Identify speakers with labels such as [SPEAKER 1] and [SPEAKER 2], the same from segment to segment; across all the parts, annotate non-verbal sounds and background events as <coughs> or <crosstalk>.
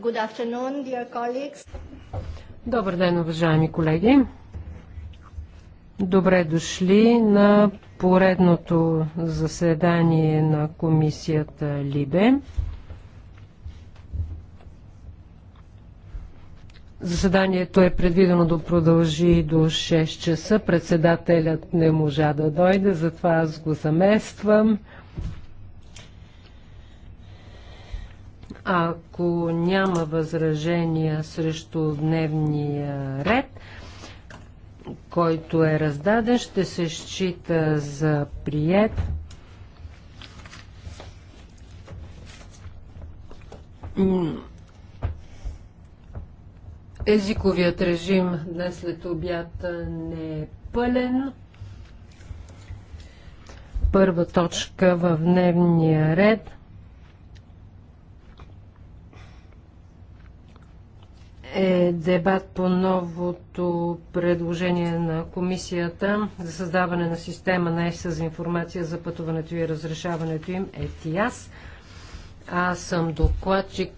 [SPEAKER 1] Good afternoon, dear colleagues.
[SPEAKER 2] Добър ден, уважаеми колеги. Добре дошли на поредното заседание на комисията Либе. Заседанието е предвидено да продължи до 6 часа. Председателят не можа да дойде, затова аз го замествам. Ако няма възражения срещу дневния ред, който е раздаден, ще се счита за прият. Езиковият режим днес след обяд не е пълен. Първа точка в дневния ред – е дебат по новото предложение на комисията за създаване на система на ЕС за информация за пътуването и разрешаването им ЕТИАС. Аз съм докладчик.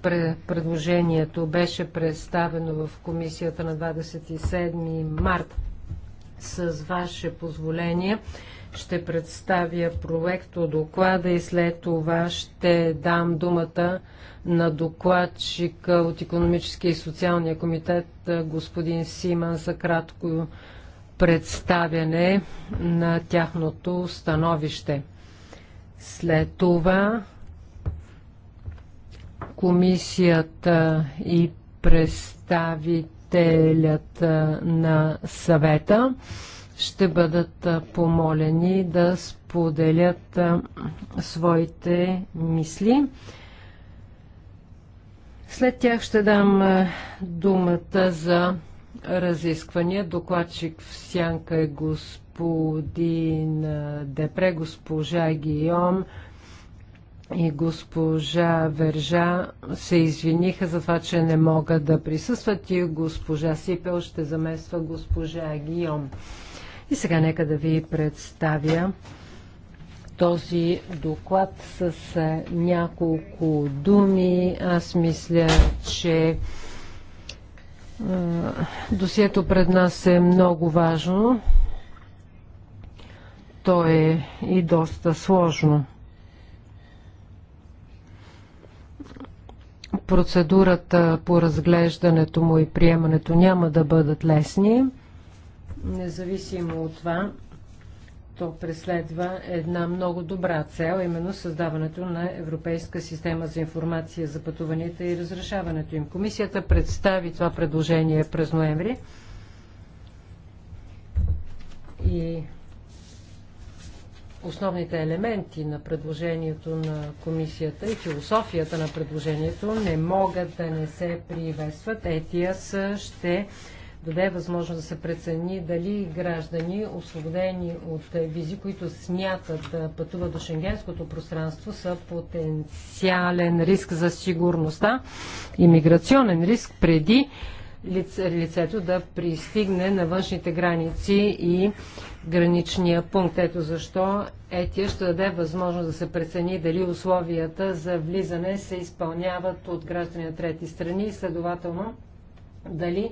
[SPEAKER 2] Предложението беше представено в комисията на 27 март. С ваше позволение ще представя проекто доклада и след това ще дам думата на докладчика от Економическия и социалния комитет господин Симан за кратко представяне на тяхното становище. След това комисията и представителят на съвета ще бъдат помолени да споделят своите мисли. След тях ще дам е, думата за разисквания. Докладчик в сянка е господин е, Депре, госпожа Гийом и госпожа Вержа се извиниха за това, че не могат да присъстват и госпожа Сипел ще замества госпожа Гийом. И сега нека да ви представя този доклад с няколко думи. Аз мисля, че досието пред нас е много важно. То е и доста сложно. Процедурата по разглеждането му и приемането няма да бъдат лесни. Независимо от това, то преследва една много добра цел, именно създаването на Европейска система за информация за пътуванията и разрешаването им. Комисията представи това предложение през ноември и основните елементи на предложението на комисията и философията на предложението не могат да не се приветстват. ЕТИАС ще даде възможност да се прецени дали граждани, освободени от визи, които смятат да пътуват до шенгенското пространство, са потенциален риск за сигурността и миграционен риск преди лице, лицето да пристигне на външните граници и граничния пункт. Ето защо ЕТИЯ ще даде възможност да се прецени дали условията за влизане се изпълняват от граждани на трети страни и следователно дали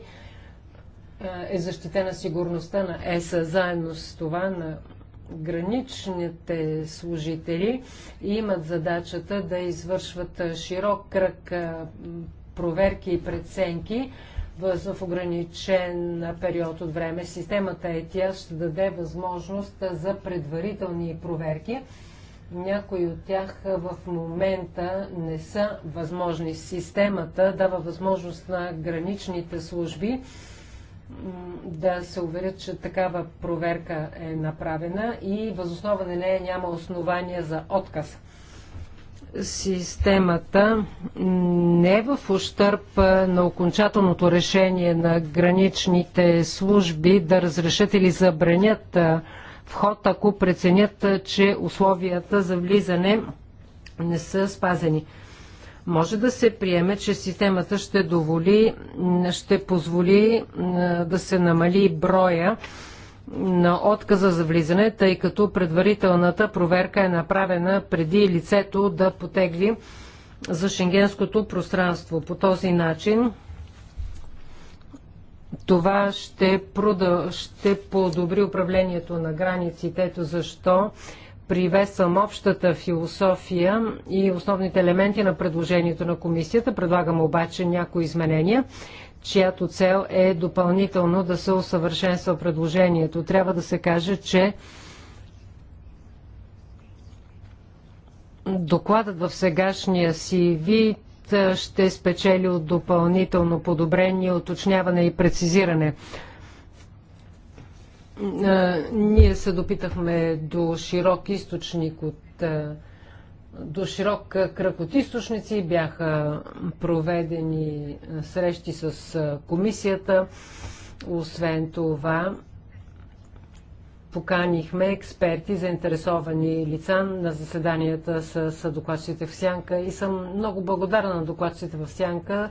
[SPEAKER 2] е защитена сигурността на ЕСА. Заедно с това на граничните служители и имат задачата да извършват широк кръг проверки и преценки в ограничен период от време. Системата тя ще даде възможност за предварителни проверки. Някои от тях в момента не са възможни. Системата дава възможност на граничните служби да се уверят, че такава проверка е направена и възоснова на нея няма основания за отказ. Системата не е в ущърп на окончателното решение на граничните служби да разрешат или забранят вход, ако преценят, че условията за влизане не са спазени. Може да се приеме, че системата ще, доволи, ще позволи е, да се намали броя на отказа за влизане, тъй като предварителната проверка е направена преди лицето да потегли за шенгенското пространство. По този начин това ще, продъл... ще подобри управлението на границите. Ето защо привесвам общата философия и основните елементи на предложението на комисията. Предлагам обаче някои изменения, чиято цел е допълнително да се усъвършенства предложението. Трябва да се каже, че докладът в сегашния си вид ще спечели от допълнително подобрение, уточняване и прецизиране ние се допитахме до широк източник от до широк кръг от източници бяха проведени срещи с комисията. Освен това, поканихме експерти, заинтересовани лица на заседанията с докладчите в Сянка и съм много благодарна на докладчите в Сянка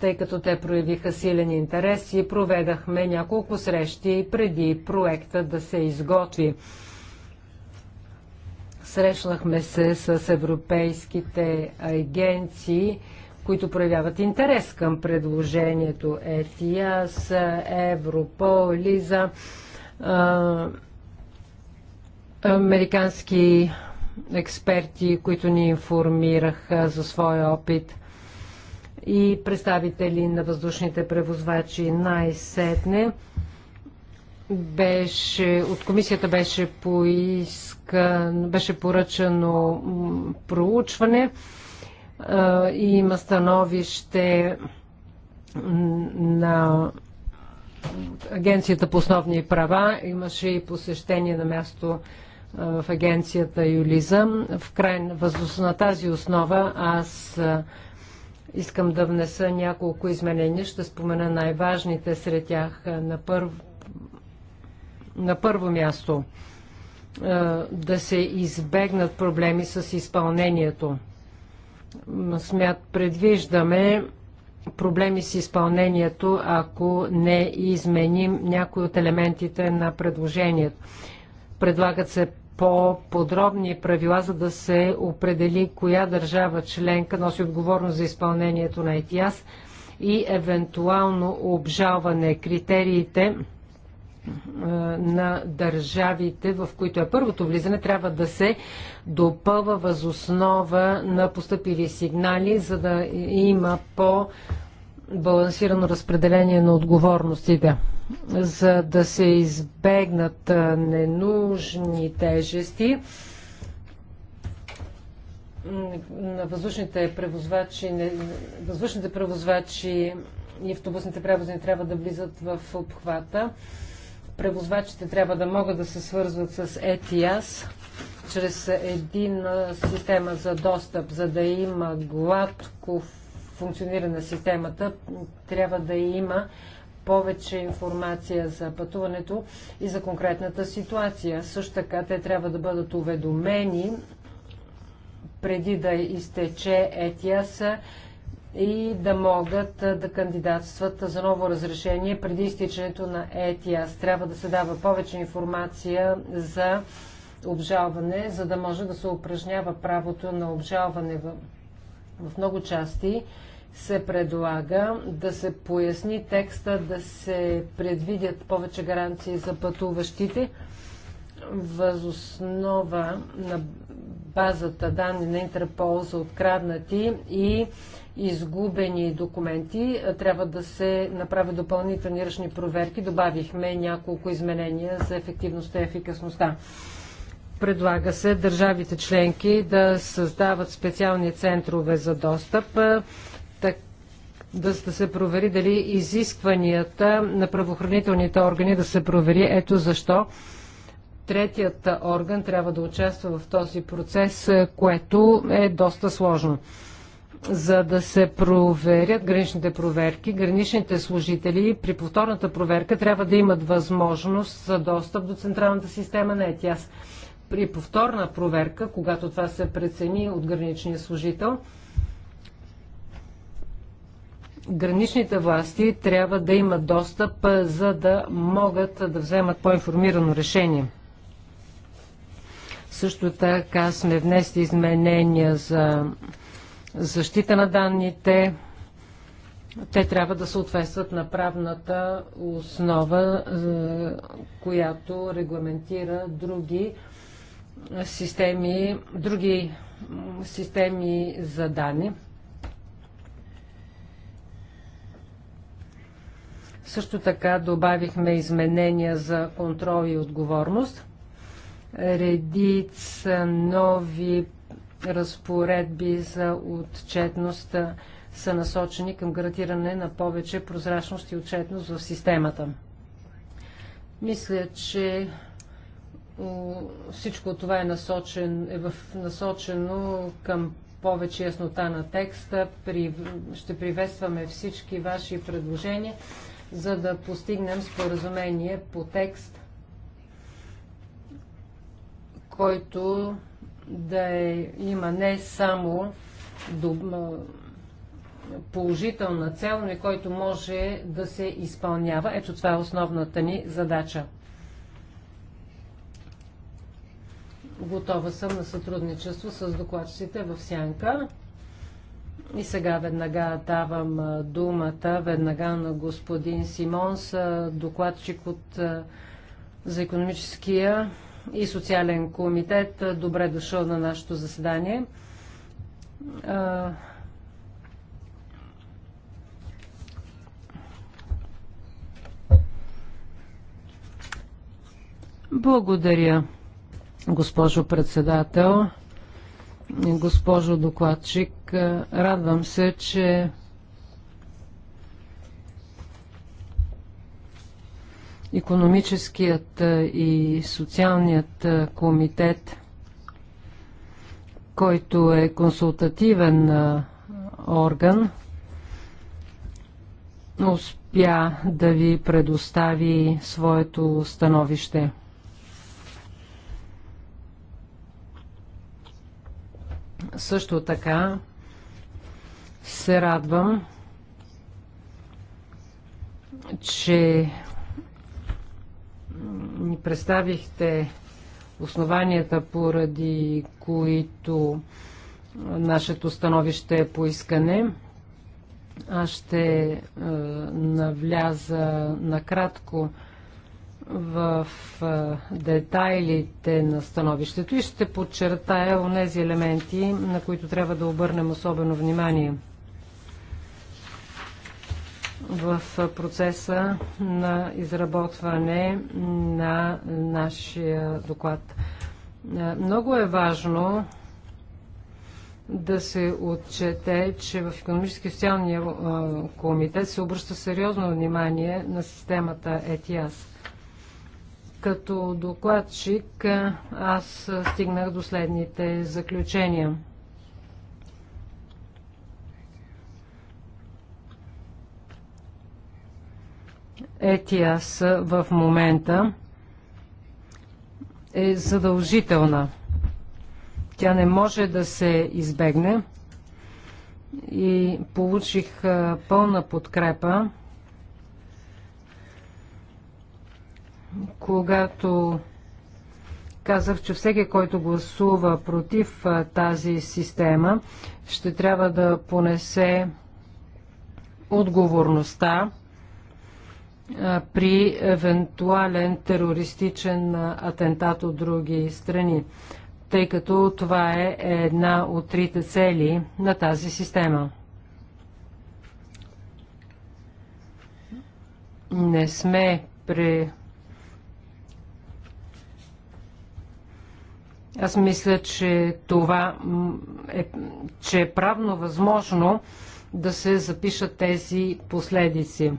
[SPEAKER 2] тъй като те проявиха силен интерес и проведахме няколко срещи преди проекта да се изготви. Срещнахме се с европейските агенции, които проявяват интерес към предложението ЕТИАС, Европол, Лиза, американски експерти, които ни информираха за своя опит – и представители на въздушните превозвачи най-сетне беше, от комисията беше поиска, беше поръчано проучване и има становище на Агенцията по основни права. Имаше и посещение на място в агенцията Юлиза. В край, на тази основа аз Искам да внеса няколко изменения. Ще спомена най-важните сред тях. Е, на първо, на първо място е, да се избегнат проблеми с изпълнението. Смят, предвиждаме проблеми с изпълнението, ако не изменим някои от елементите на предложението. Предлагат се по-подробни правила, за да се определи коя държава членка носи отговорност за изпълнението на ETIAS и евентуално обжалване критериите е, на държавите, в които е първото влизане, трябва да се допълва възоснова на поступили сигнали, за да има по-балансирано разпределение на отговорностите за да се избегнат ненужни тежести. На въздушните превозвачи, не, въздушните превозвачи и автобусните превози трябва да влизат в обхвата. Превозвачите трябва да могат да се свързват с ETIAS е чрез един система за достъп, за да има гладко функциониране на системата, трябва да има повече информация за пътуването и за конкретната ситуация. Също така те трябва да бъдат уведомени преди да изтече ЕТИАС и да могат да кандидатстват за ново разрешение преди изтичането на ЕТИАС. Трябва да се дава повече информация за обжалване, за да може да се упражнява правото на обжалване в, в много части се предлага да се поясни текста, да се предвидят повече гаранции за пътуващите възоснова на базата данни на Интерпол за откраднати и изгубени документи. Трябва да се направят допълнителни ръчни проверки. Добавихме няколко изменения за ефективността и ефикасността. Предлага се държавите членки да създават специални центрове за достъп да, се провери дали изискванията на правоохранителните органи да се провери. Ето защо третият орган трябва да участва в този процес, което е доста сложно. За да се проверят граничните проверки, граничните служители при повторната проверка трябва да имат възможност за достъп до централната система на ЕТИАС. При повторна проверка, когато това се прецени от граничния служител, граничните власти трябва да имат достъп, за да могат да вземат по-информирано решение. Също така сме внесли изменения за защита на данните. Те трябва да съответстват на правната основа, е, която регламентира други системи, други системи за данни. Също така добавихме изменения за контрол и отговорност. Редица нови разпоредби за отчетността са насочени към гарантиране на повече прозрачност и отчетност в системата. Мисля, че всичко това е, насочен, е в, насочено към повече яснота на текста. При, ще приветстваме всички ваши предложения за да постигнем споразумение по текст, който да е, има не само положителна цел, но и който може да се изпълнява. Ето това е основната ни задача. Готова съм на сътрудничество с докладчиците в Сянка. И сега веднага давам думата веднага на господин Симонс, докладчик от за економическия и социален комитет. Добре дошъл на нашето заседание. Благодаря, госпожо председател госпожо докладчик. Е, радвам се, че економическият е, и социалният е, комитет, който е консултативен орган, успя да ви предостави своето становище. Също така се радвам, че ни представихте основанията, поради които нашето становище е поискане. Аз ще е, навляза накратко в детайлите на становището и ще подчертая онези елементи, на които трябва да обърнем особено внимание в процеса на изработване на нашия доклад. Много е важно да се отчете, че в економически и социалния комитет се обръща сериозно внимание на системата ETIAS. Като докладчик аз стигнах до следните заключения. ЕТИАС в момента е задължителна. Тя не може да се избегне и получих пълна подкрепа когато казах, че всеки, който гласува против тази система, ще трябва да понесе отговорността при евентуален терористичен атентат от други страни, тъй като това е една от трите цели на тази система. Не сме Аз мисля, че това е, че е правно възможно да се запишат тези последици.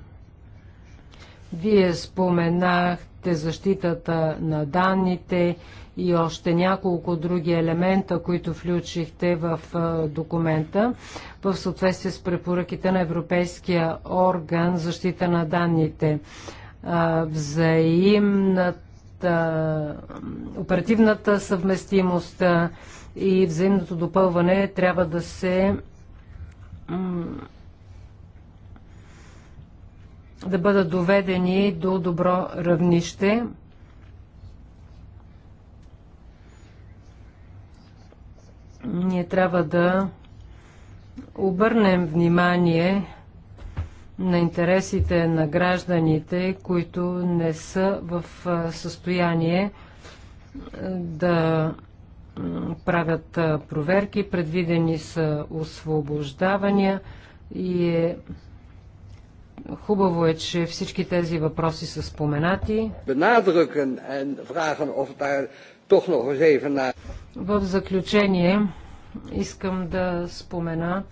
[SPEAKER 2] Вие споменахте защитата на данните и още няколко други елемента, които включихте в документа в съответствие с препоръките на Европейския орган защита на данните. Взаимната оперативната съвместимост и взаимното допълване трябва да се да бъдат доведени до добро равнище. Ние трябва да обърнем внимание на интересите на гражданите, които не са в състояние да правят проверки, предвидени са освобождавания и е Хубаво е, че всички тези въпроси са споменати. В заключение искам да спомена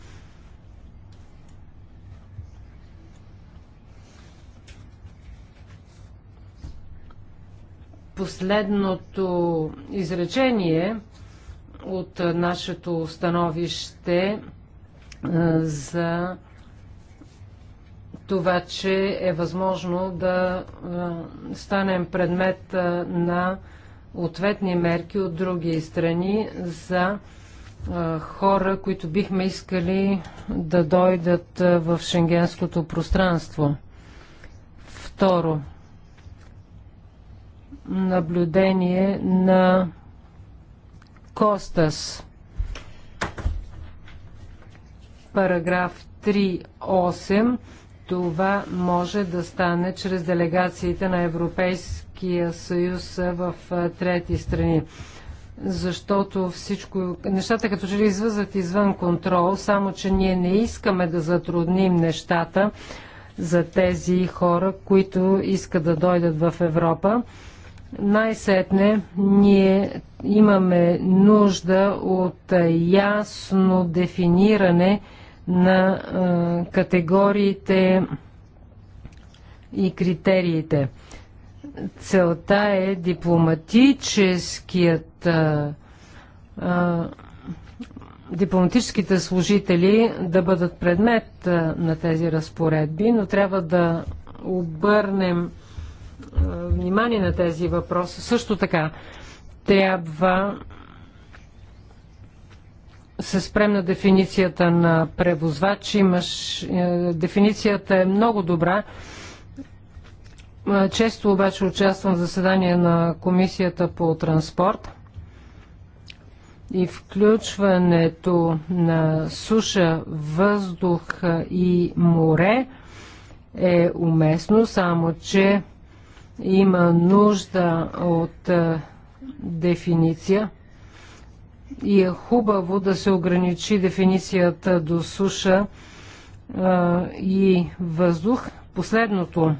[SPEAKER 2] последното изречение от нашето становище е, за това, че е възможно да е, станем предмет е, на ответни мерки от други страни за хора, които бихме искали да дойдат в шенгенското пространство. Второ, наблюдение на Костас. Параграф 3.8. Това може да стане чрез делегациите на Европейския съюз в трети страни. Защото всичко, нещата като че ли извъзват извън контрол, само че ние не искаме да затрудним нещата за тези хора, които искат да дойдат в Европа. Най-сетне ние имаме нужда от ясно дефиниране на категориите и критериите. Целта е дипломатическият дипломатическите служители да бъдат предмет на тези разпоредби, но трябва да обърнем внимание на тези въпроси. Също така трябва се спрем на дефиницията на превозвач. Имаш, е, дефиницията е много добра. Често обаче участвам в заседание на Комисията по транспорт и включването на суша, въздух и море е уместно, само че има нужда от е, дефиниция и е хубаво да се ограничи дефиницията до суша а, е, и въздух. Последното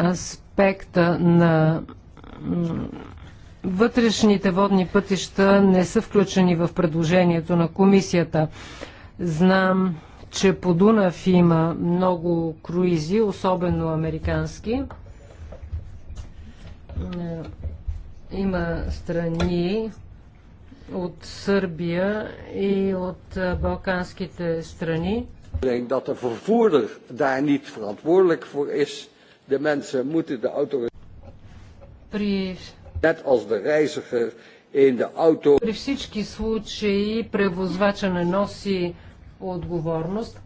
[SPEAKER 2] аспекта на вътрешните водни пътища не са включени в предложението на комисията. Знам, че по Дунав има много круизи, особено американски. Е, има страни от Сърбия и от е, балканските страни.
[SPEAKER 1] Dat de vervoerder daar niet verantwoordelijk voor is. De mensen moeten de Net als de reiziger in de auto. При всички случаи
[SPEAKER 2] превозвача не носи отговорност.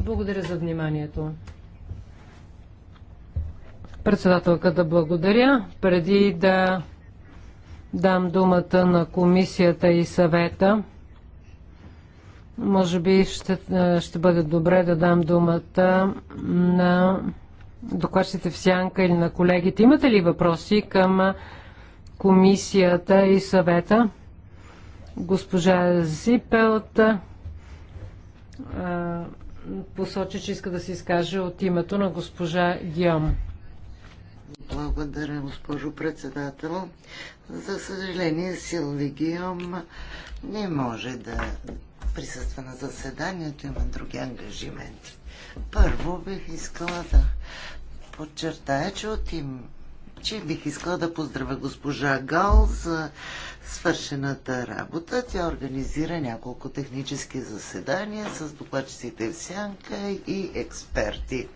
[SPEAKER 2] Благодаря за вниманието. Председателката благодаря. Преди да дам думата на комисията и съвета, може би ще, е, ще бъде добре да дам думата на докладчите в сянка или на колегите. Имате ли въпроси към комисията и съвета? Госпожа Зипелт посочи, че иска да се изкаже от името на госпожа Гиом.
[SPEAKER 1] Благодаря, госпожо председател. За съжаление, Силви Гиом не може да присъства на заседанието, има други ангажименти. Първо бих искала да подчертая, че от им че Бих искала да поздравя госпожа Гал за свършената работа. Тя организира няколко технически заседания с докладчиците в сянка и експерти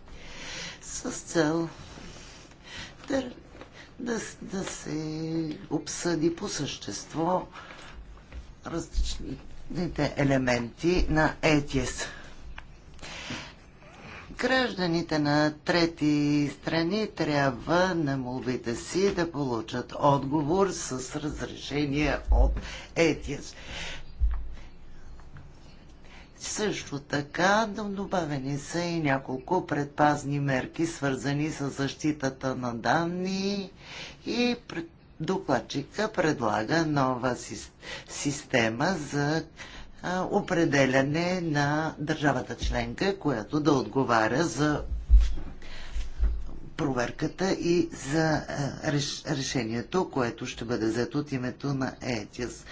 [SPEAKER 1] с цел да, да, да се обсъди по същество различните елементи на ЕТИЕС. Гражданите на трети страни трябва на молбите си да получат отговор с разрешение от ЕТИАС. Също така добавени са и няколко предпазни мерки, свързани с защитата на данни и докладчика предлага нова система за определяне на държавата членка, която да отговаря за проверката и за решението, което ще бъде взето от името на ЕТИАС.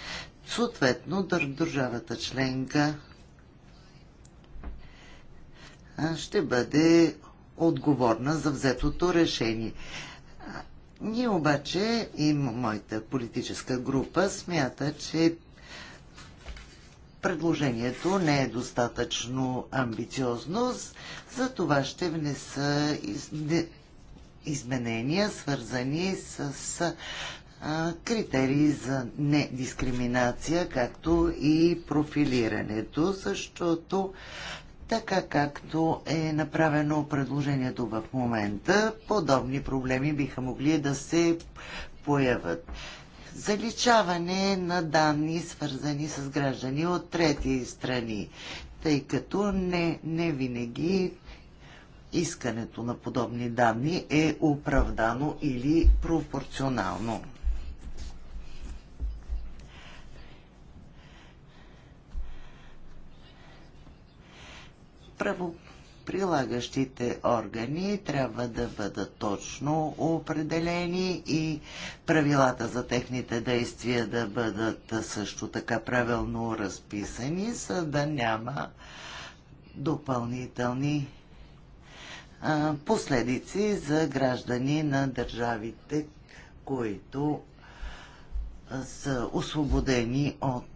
[SPEAKER 1] Съответно, държавата членка ще бъде отговорна за взетото решение. Ние обаче и моята политическа група смята, че предложението не е достатъчно амбициозно, за това ще внеса изменения, свързани с критерии за недискриминация, както и профилирането, защото така както е направено предложението в момента, подобни проблеми биха могли да се появят заличаване на данни, свързани с граждани от трети страни, тъй като не, не винаги искането на подобни данни е оправдано или пропорционално. Право, прилагащите органи трябва да бъдат точно определени и правилата за техните действия да бъдат също така правилно разписани, за да няма допълнителни последици за граждани на държавите, които са освободени от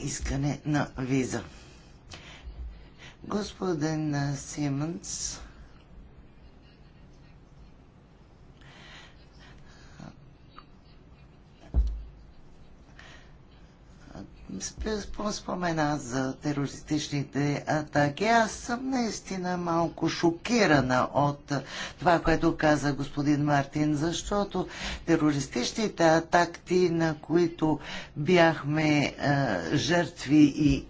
[SPEAKER 1] искане на виза. Господин Симънс, спомена за терористичните атаки. Аз съм наистина малко шокирана от това, което каза господин Мартин, защото терористичните атакти, на които бяхме жертви и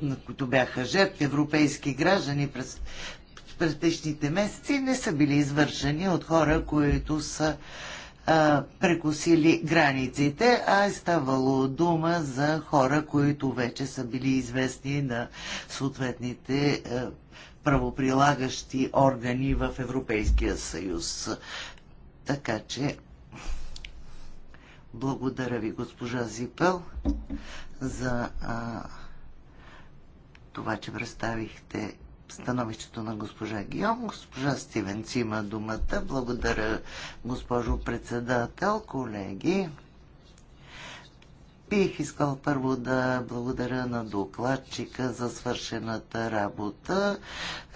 [SPEAKER 1] на които бяха жертви европейски граждани през предишните месеци, не са били извършени от хора, които са а, прекусили границите, а е ставало дума за хора, които вече са били известни на съответните а, правоприлагащи органи в Европейския съюз. Така че, благодаря ви, госпожа Зипел, за. А, това, че представихте становището на госпожа Гиом. Госпожа Стивенц има думата. Благодаря, госпожо председател, колеги. Бих искал първо да благодаря на докладчика за свършената работа.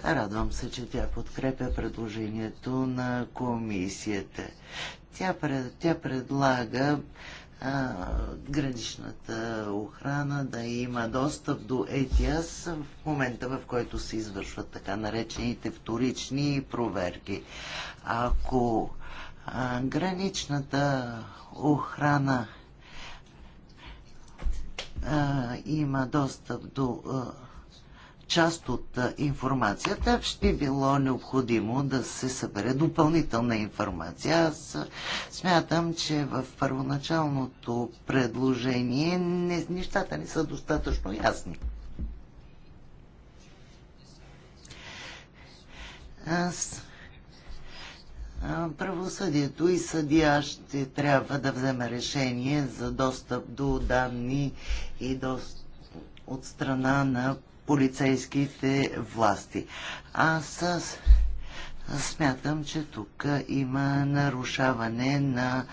[SPEAKER 1] Радвам се, че тя подкрепя предложението на комисията. Тя, пред, тя предлага граничната охрана да има достъп до ЕТИАС в момента, в който се извършват така наречените вторични проверки. Ако а, граничната охрана а, има достъп до а, част от информацията ще било необходимо да се събере допълнителна информация. Аз смятам, че в първоначалното предложение не, нещата не са достатъчно ясни. Аз правосъдието и съдия ще трябва да вземе решение за достъп до данни и до от страна на полицейските власти. Аз смятам, че тук има нарушаване на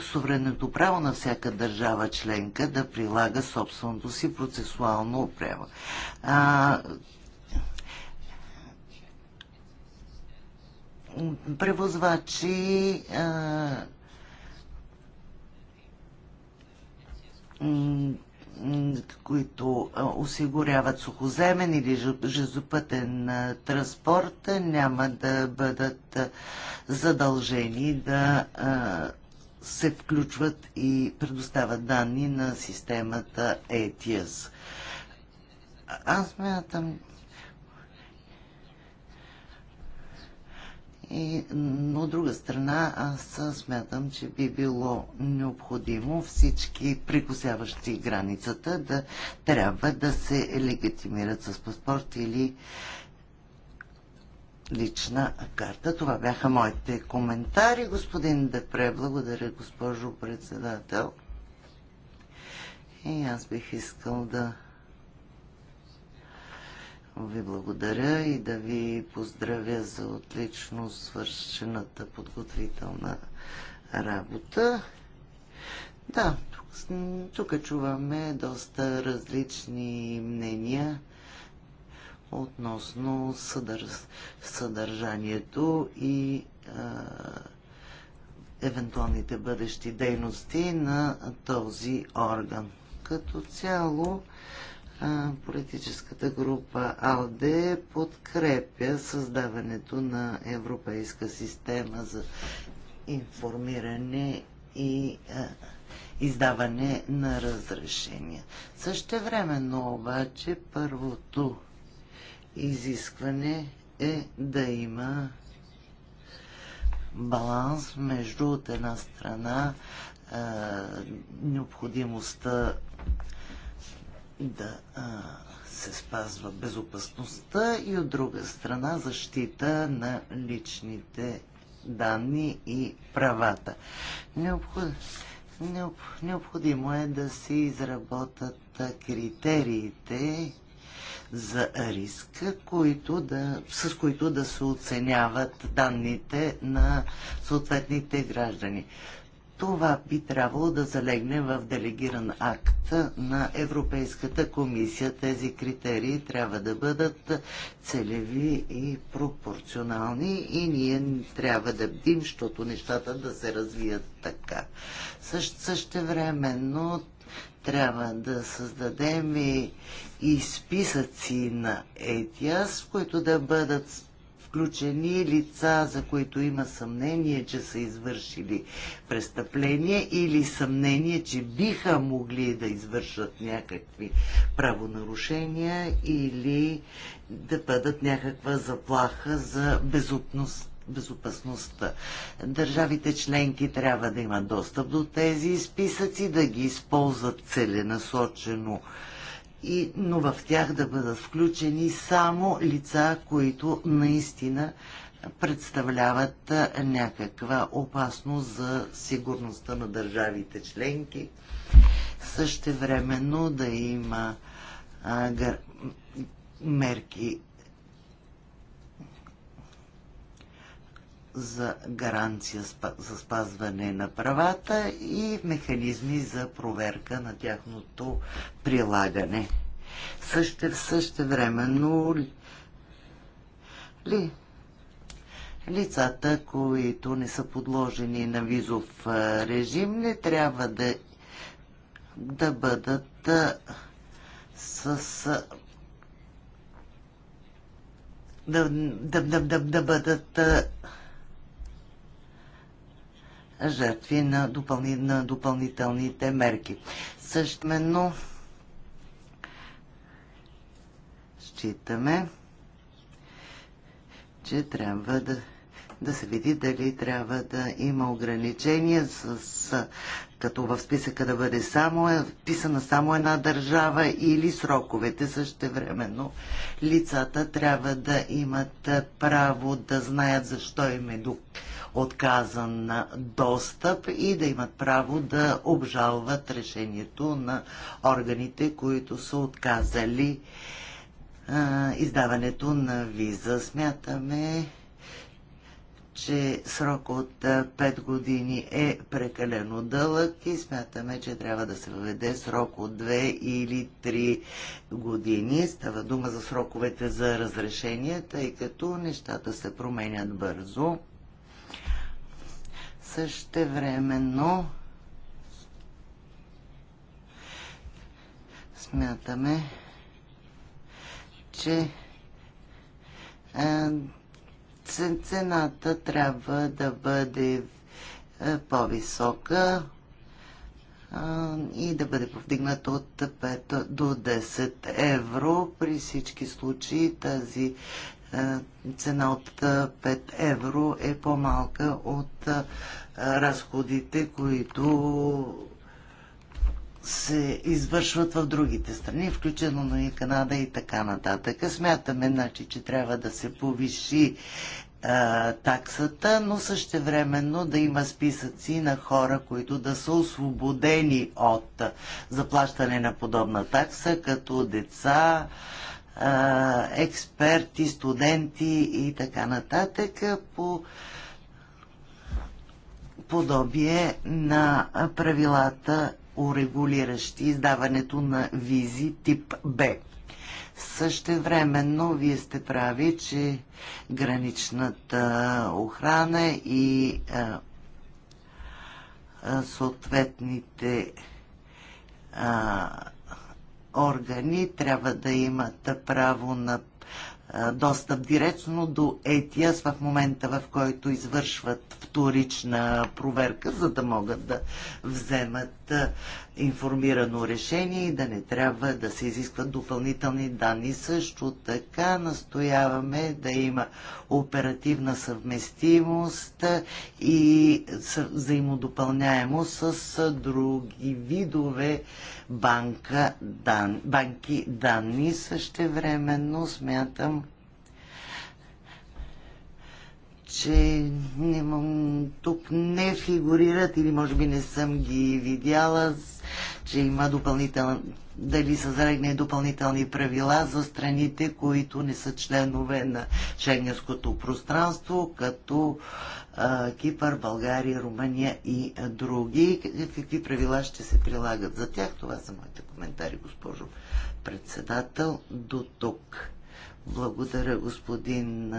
[SPEAKER 1] суверенното право на всяка държава членка да прилага собственото си процесуално право. превозвачи а, които осигуряват сухоземен или жезопътен транспорт, няма да бъдат задължени да се включват и предоставят данни на системата ATS. Аз мятам, И, но от друга страна, аз смятам, че би било необходимо всички прикосяващи границата да трябва да се легитимират с паспорт или лична карта. Това бяха моите коментари. Господин Депре, благодаря, госпожо председател. И аз бих искал да ви благодаря и да ви поздравя за отлично свършената подготвителна работа. Да, тук, тук чуваме доста различни мнения относно съдър... съдържанието и а, евентуалните бъдещи дейности на този орган. Като цяло, политическата група Алде подкрепя създаването на европейска система за информиране и издаване на разрешения. Същевременно обаче първото изискване е да има баланс между от една страна необходимостта да а, се спазва безопасността и от друга страна защита на личните данни и правата. Необход... Необ... Необходимо е да се изработат критериите за риск, които да, с които да се оценяват данните на съответните граждани това би трябвало да залегне в делегиран акт на Европейската комисия. Тези критерии трябва да бъдат целеви и пропорционални и ние трябва да бдим, защото нещата да се развият така. Също, същевременно трябва да създадем и, и списъци на ETIAS, които да бъдат изключени лица, за които има съмнение, че са извършили престъпление или съмнение, че биха могли да извършат някакви правонарушения или да бъдат някаква заплаха за безопасност безопасността. Държавите членки трябва да имат достъп до тези списъци, да ги използват целенасочено и, но в тях да бъдат включени само лица, които наистина представляват някаква опасност за сигурността на държавите членки. Същевременно да има а, гър... мерки за гаранция за спазване на правата и механизми за проверка на тяхното прилагане. Също, също времено ли, лицата, които не са подложени на визов режим, не трябва да, да бъдат с да, да, да, да, да бъдат жертви на, допълни, на допълнителните мерки. Същменно считаме, че трябва да, да се види дали трябва да има ограничения с, с като в списъка да бъде само, е вписана само една държава или сроковете също времено. Лицата трябва да имат право да знаят защо им е отказан достъп и да имат право да обжалват решението на органите, които са отказали а, издаването на виза. Смятаме, че срок от 5 години е прекалено дълъг и смятаме, че трябва да се въведе срок от 2 или 3 години. Става дума за сроковете за разрешение, тъй като нещата се променят бързо. Същевременно смятаме, че цената трябва да бъде по-висока и да бъде повдигната от 5 до 10 евро. При всички случаи тази е, цена от 5 е, евро е по-малка от е, разходите, които се извършват в другите страни, но и Канада и така нататък. Смятаме, значи, че трябва да се повиши а, таксата, но същевременно да има списъци на хора, които да са освободени от заплащане на подобна такса, като деца, експерти, студенти и така нататък по подобие на правилата, урегулиращи издаването на визи тип Б. Същевременно вие сте прави, че граничната охрана и а, съответните а, органи трябва да имат право на достъп директно до ЕТИАС в момента, в който извършват вторична проверка, за да могат да вземат информирано решение и да не трябва да се изискват допълнителни данни. Също така настояваме да има оперативна съвместимост и взаимодопълняемост с други видове банка, дан, банки данни. също времено смятам, че не, тук не фигурират или може би не съм ги видяла, че има допълнителни дали са зарегне допълнителни правила за страните, които не са членове на шенгенското пространство, като а, Кипър, България, Румъния и а, други. Какви правила ще се прилагат за тях? Това са моите коментари, госпожо председател. До тук. Благодаря, господин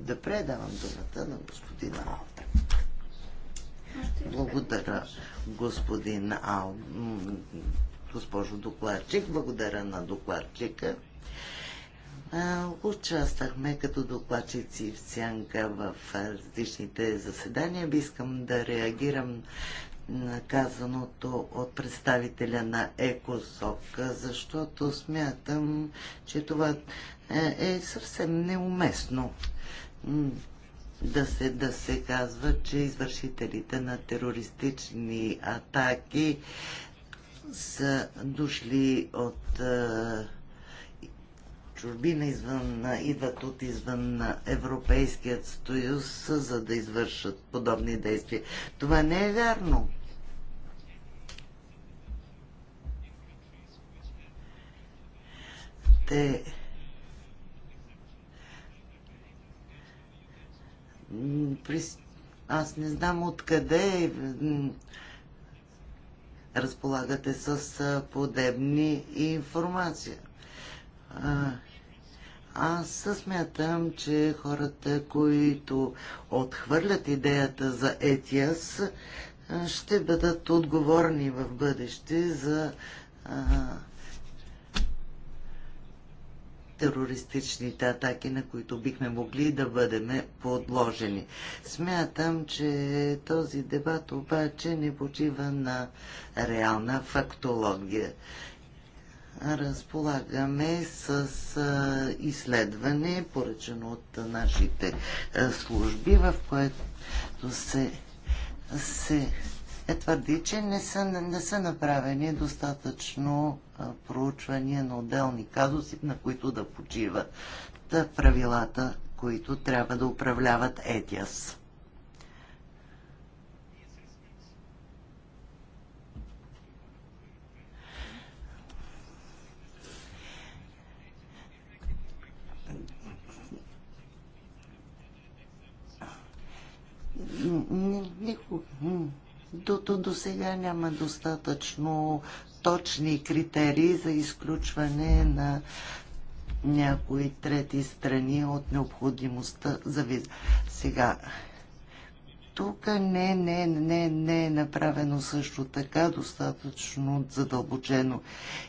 [SPEAKER 1] Да предавам думата на господин Албер. Благодаря, господин Ал... госпожо докладчик. Благодаря на докладчика. Участвахме като докладчици в Сянка в различните заседания. Би искам да реагирам на казаното от представителя на ЕКОСОК, защото смятам, че това е, е съвсем неуместно да се, да се казва, че извършителите на терористични атаки са дошли от е, чужбина, извън, идват от извън Европейският съюз, за да извършат подобни действия. Това не е вярно. Те аз не знам откъде разполагате с подебни информация. Аз смятам, че хората, които отхвърлят идеята за ЕТИАС, ще бъдат отговорни в бъдеще за а, терористичните атаки, на които бихме могли да бъдем подложени. Смятам, че този дебат обаче не почива на реална фактология. Разполагаме с изследване, поръчено от нашите служби, в което се, се е твърди, че не са, не са направени достатъчно проучвания на отделни казуси, на които да почиват правилата, които трябва да управляват ЕТИАС. Никога дото до сега няма достатъчно точни критерии за изключване на някои трети страни от необходимостта за виза. Сега, тук не, не, не, не е направено също така достатъчно задълбочено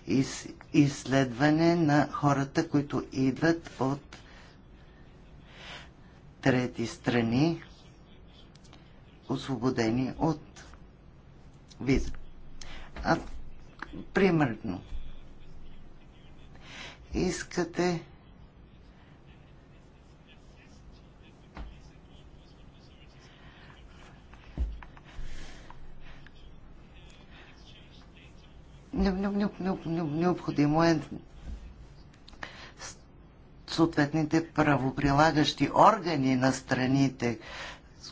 [SPEAKER 1] из, изследване на хората, които идват от трети страни, освободени от виза. А, примерно, искате необходимо е съответните правоприлагащи органи на страните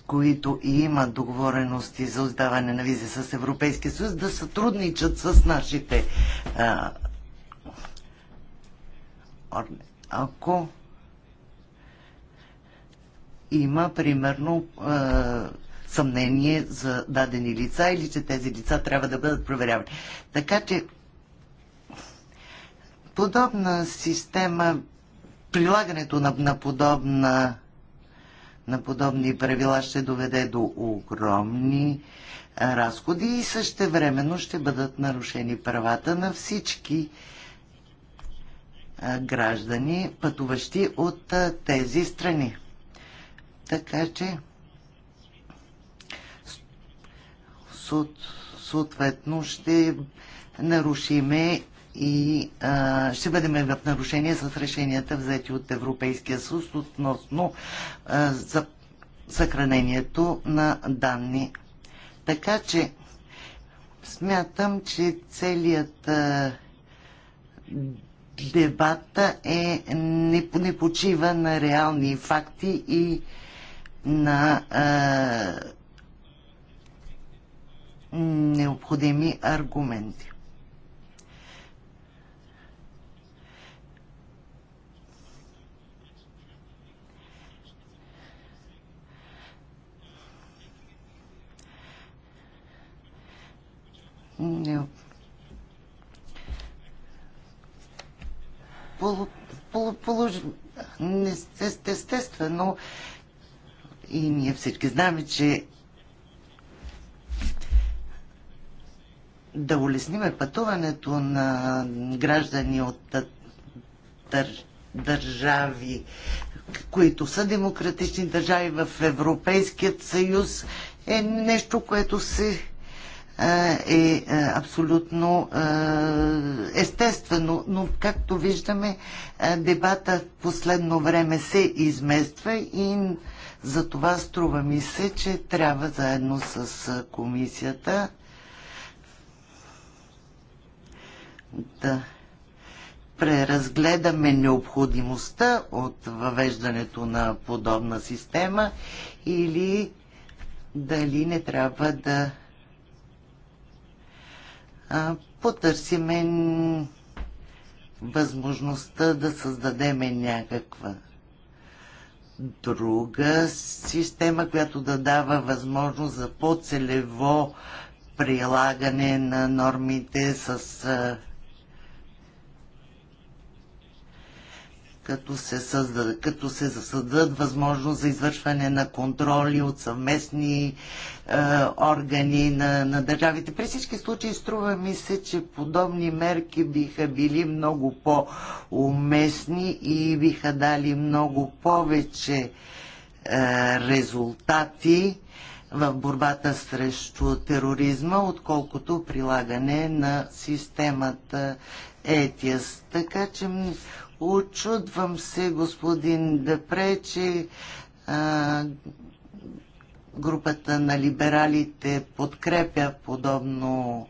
[SPEAKER 1] които и имат договорености за издаване на визи с Европейския съюз, да сътрудничат с нашите а, органи. Ако има, примерно, а, съмнение за дадени лица или че тези лица трябва да бъдат проверявани. Така че подобна система, прилагането на, на подобна на подобни правила ще доведе до огромни разходи и същевременно ще бъдат нарушени правата на всички граждани, пътуващи от тези страни. Така че съответно ще нарушиме и а, ще бъдем в нарушение с решенията взети от Европейския съюз относно а, за съхранението на данни. Така че смятам, че целият а, дебата е, не, не почива на реални факти и на а, необходими аргументи. естествено, и ние всички знаме, че да улесниме пътуването на граждани от държави, които са демократични държави в Европейският съюз, е нещо, което се е, е абсолютно е, естествено, но както виждаме, е, дебата в последно време се измества и за това струва ми се, че трябва заедно с комисията да преразгледаме необходимостта от въвеждането на подобна система или дали не трябва да потърсиме възможността да създадеме някаква друга система, която да дава възможност за по-целево прилагане на нормите с като се, създад, като се създадат възможност за извършване на контроли от съвместни е, органи на, на държавите. При всички случаи струва ми се, че подобни мерки биха били много по-уместни и биха дали много повече е, резултати в борбата срещу тероризма, отколкото прилагане на системата ЕТИАС. Така че Очудвам се, господин Депре, че а, групата на либералите подкрепя подобно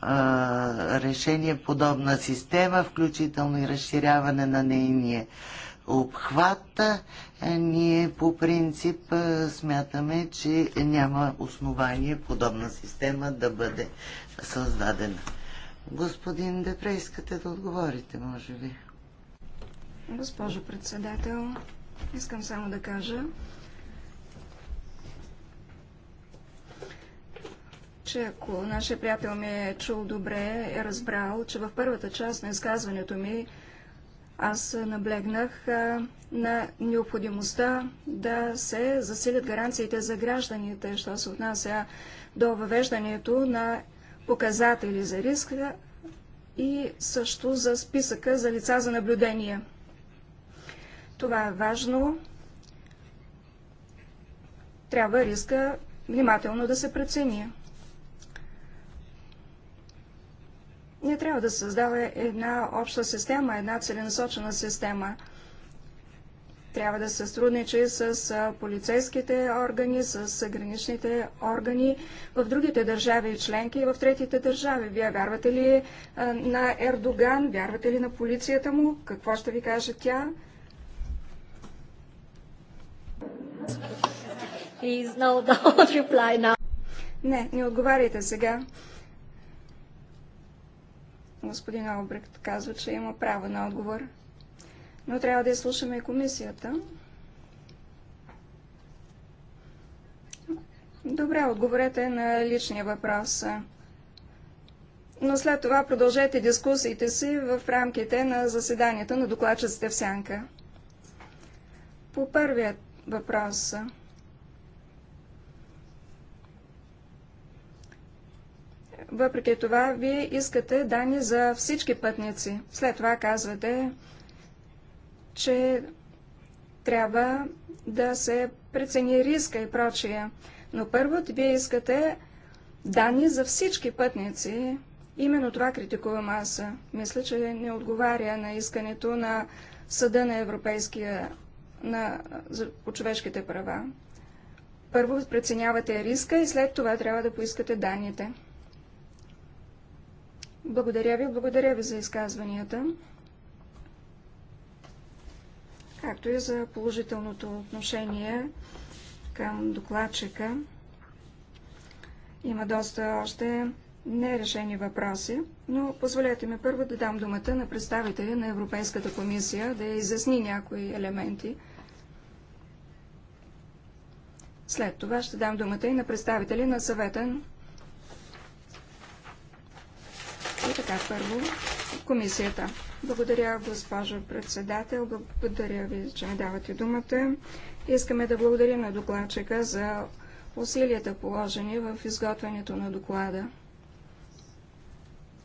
[SPEAKER 1] а, решение, подобна система, включително и разширяване на нейния обхват. Ние по принцип смятаме, че няма основание подобна система да бъде създадена. Господин Депре, искате да отговорите, може би?
[SPEAKER 3] Госпожо председател, искам само да кажа, че ако нашия приятел ми е чул добре, е разбрал, че в първата част на изказването ми аз наблегнах на необходимостта да се засилят гаранциите за гражданите, що се отнася до въвеждането на показатели за риска и също за списъка за лица за наблюдение. Това е важно. Трябва риска внимателно да се прецени. Не трябва да се създава една обща система, една целенасочена система. Трябва да се сътрудничи с полицейските органи, с граничните органи в другите държави и членки и в третите държави. Вие вярвате ли на Ердоган? Вярвате ли на полицията му? Какво ще ви каже тя? Please, no, don't <laughs> reply now. Не, не отговаряйте сега. Господин Албрехт казва, че има право на отговор. Но трябва да изслушаме и комисията. Добре, отговорете на личния въпрос. Но след това продължете дискусиите си в рамките на заседанията на докладчиците в Сянка. По първият въпроса. Въпреки това, вие искате данни за всички пътници. След това казвате, че трябва да се прецени риска и прочия. Но първо вие искате данни за всички пътници. Именно това критикувам аз. Мисля, че не отговаря на искането на Съда на Европейския на, за, по човешките права. Първо преценявате риска и след това трябва да поискате данните. Благодаря ви, благодаря ви за изказванията, както и за положителното отношение към докладчика. Има доста още нерешени въпроси, но позволете ми първо да дам думата на представителя на Европейската комисия да изясни някои елементи – след това ще дам думата и на представители на съвета. И така, първо, комисията. Благодаря, госпожо председател. Благодаря ви, че ми давате думата. Искаме да благодарим на докладчика за усилията положени в изготвянето на доклада.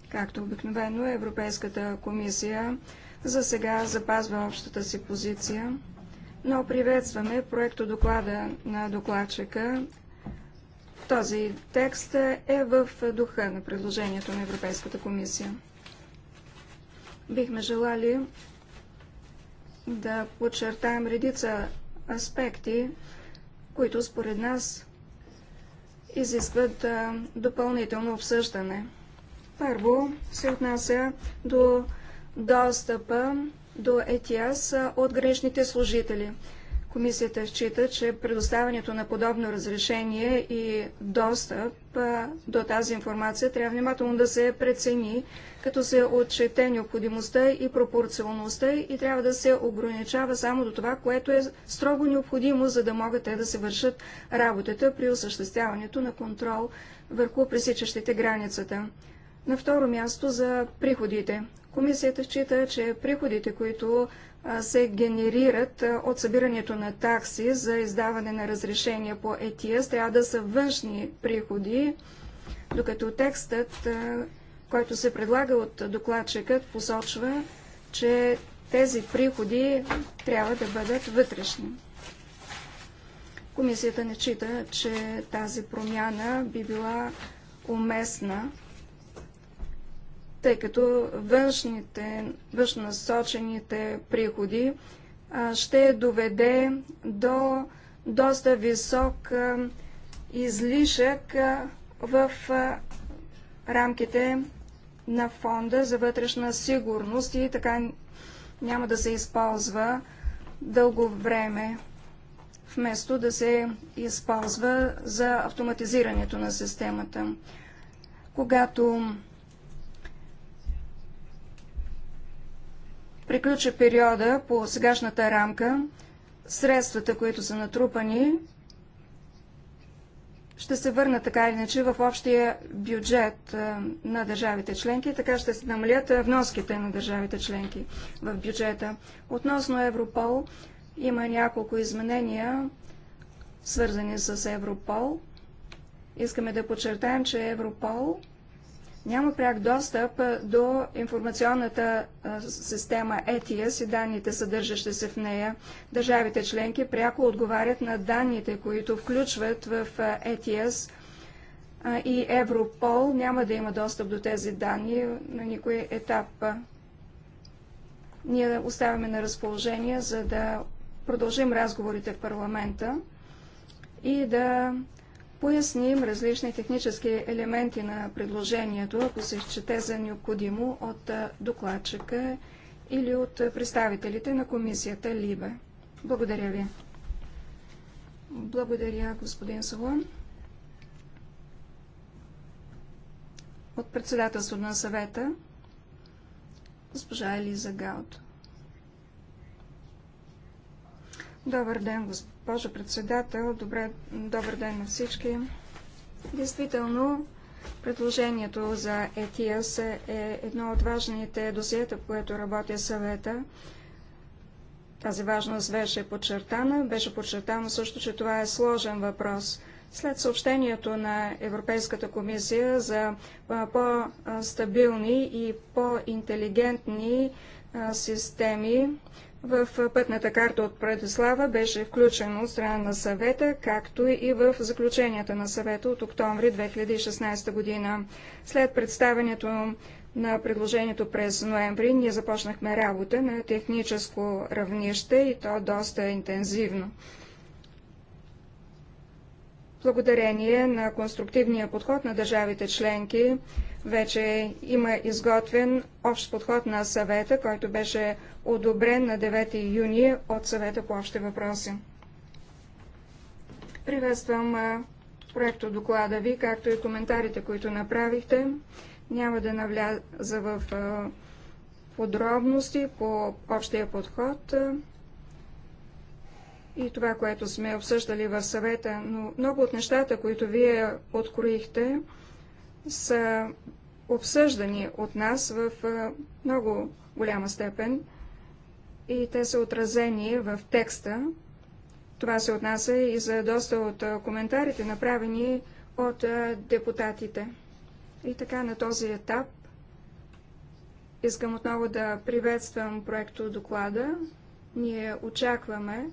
[SPEAKER 3] Както обикновено, Европейската комисия за сега запазва общата си позиция но приветстваме проекто доклада на докладчика. Този текст е в духа на предложението на Европейската комисия. Бихме желали да подчертаем редица аспекти, които според нас изискват допълнително обсъждане. Първо се отнася до достъпа до ЕТИАС от граничните служители. Комисията счита, че предоставянето на подобно разрешение и достъп до тази информация трябва внимателно да се прецени, като се отчете необходимостта и пропорционалността и трябва да се ограничава само до това, което е строго необходимо, за да могат те да се вършат работата при осъществяването на контрол върху пресичащите границата. На второ място за приходите. Комисията счита, че приходите, които се генерират от събирането на такси за издаване на разрешения по ЕТИАС, трябва да са външни приходи, докато текстът, който се предлага от докладчикът, посочва, че тези приходи трябва да бъдат вътрешни. Комисията не чита, че тази промяна би била уместна тъй като външните, външнасочените приходи приходи ще доведе до доста висок излишък в рамките на фонда за вътрешна сигурност и така няма да се използва дълго време, вместо да се използва за автоматизирането на системата. Когато приключи периода по сегашната рамка, средствата, които са натрупани, ще се върнат така или иначе в общия бюджет на държавите членки, така ще се намалят вноските на държавите членки в бюджета. Относно Европол има няколко изменения, свързани с Европол. Искаме да подчертаем, че Европол няма пряк достъп до информационната система ETIAS и данните, съдържащи се в нея. Държавите членки пряко отговарят на данните, които включват в ETIAS и Европол няма да има достъп до тези данни на никой етап. Ние оставяме на разположение, за да продължим разговорите в парламента и да поясним различни технически елементи на предложението, ако се изчете за необходимо от докладчика или от представителите на комисията ЛИБЕ. Благодаря ви. Благодаря, господин Солон. От председателството на съвета, госпожа Елиза Гаут. Добър ден, господин госпожо председател. Добре, добър ден на всички. Действително, предложението за ЕТИАС е едно от важните досиета, по което работя съвета. Тази важност беше подчертана. Беше подчертано също, че това е сложен въпрос. След съобщението на Европейската комисия за по-стабилни и по-интелигентни системи в пътната карта от Предислава беше включено от страна на съвета, както и в заключенията на съвета от октомври 2016 година. След представянето на предложението през ноември ние започнахме работа на техническо равнище и то доста интензивно. Благодарение на конструктивния подход на държавите членки, вече има изготвен общ подход на съвета, който беше одобрен на 9 юни от съвета по общи въпроси. Приветствам проекто доклада ви, както и коментарите, които направихте. Няма да навляза в подробности по общия подход и това, което сме обсъждали в съвета, но много от нещата, които вие откроихте, са обсъждани от нас в много голяма степен и те са отразени в текста. Това се отнася и за доста от коментарите, направени от депутатите. И така на този етап искам отново да приветствам проекто доклада. Ние очакваме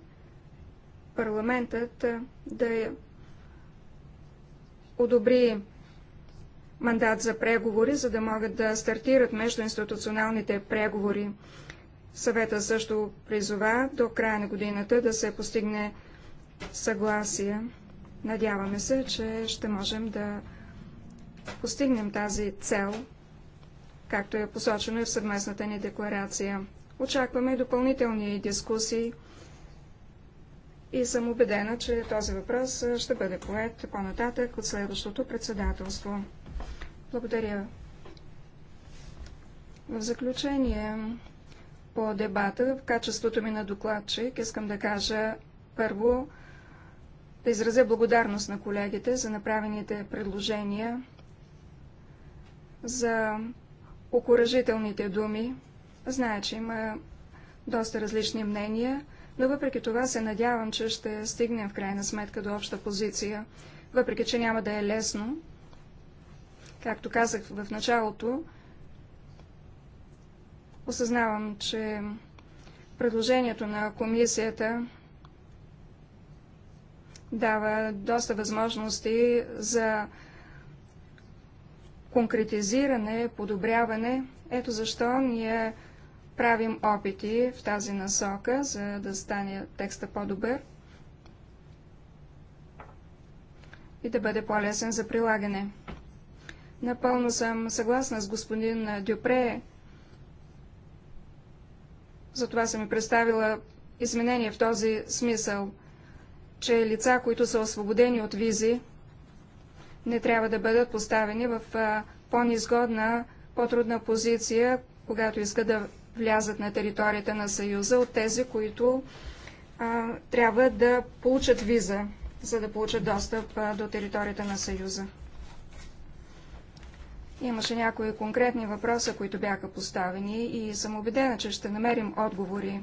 [SPEAKER 3] парламентът да одобри мандат за преговори, за да могат да стартират междуинституционалните преговори. Съвета също призова до края на годината да се постигне съгласие. Надяваме се, че ще можем да постигнем тази цел, както е посочено и в съвместната ни декларация. Очакваме допълнителни дискусии и съм убедена, че този въпрос ще бъде поет по-нататък от следващото председателство. Благодаря. В заключение по дебата, в качеството ми на докладчик, искам да кажа първо да изразя благодарност на колегите за направените предложения, за окоръжителните думи. Зная, че има доста различни мнения, но въпреки това се надявам, че ще стигнем в крайна сметка до обща позиция, въпреки че няма да е лесно. Както казах в началото, осъзнавам, че предложението на комисията дава доста възможности за конкретизиране, подобряване. Ето защо ние правим опити в тази насока, за да стане текста по-добър и да бъде по-лесен за прилагане. Напълно съм съгласна с господин Дюпре, затова съм и представила изменение в този смисъл, че лица, които са освободени от визи, не трябва да бъдат поставени в по-низгодна, по-трудна позиция, когато искат да влязат на територията на Съюза от тези, които а, трябва да получат виза, за да получат достъп а, до територията на Съюза. Имаше някои конкретни въпроса, които бяха поставени и съм убедена, че ще намерим отговори.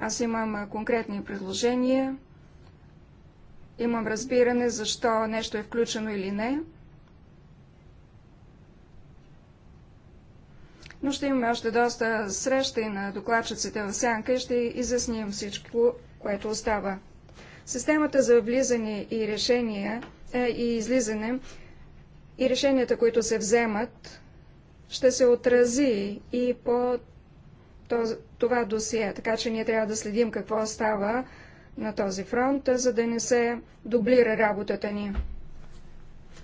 [SPEAKER 3] Аз имам конкретни предложения, имам разбиране защо нещо е включено или не. но ще имаме още доста срещи на докладчиците в сянка и ще изясним всичко, което остава. Системата за влизане и решения е, и излизане и решенията, които се вземат, ще се отрази и по това досие, така че ние трябва да следим какво става на този фронт, за да не се дублира работата ни.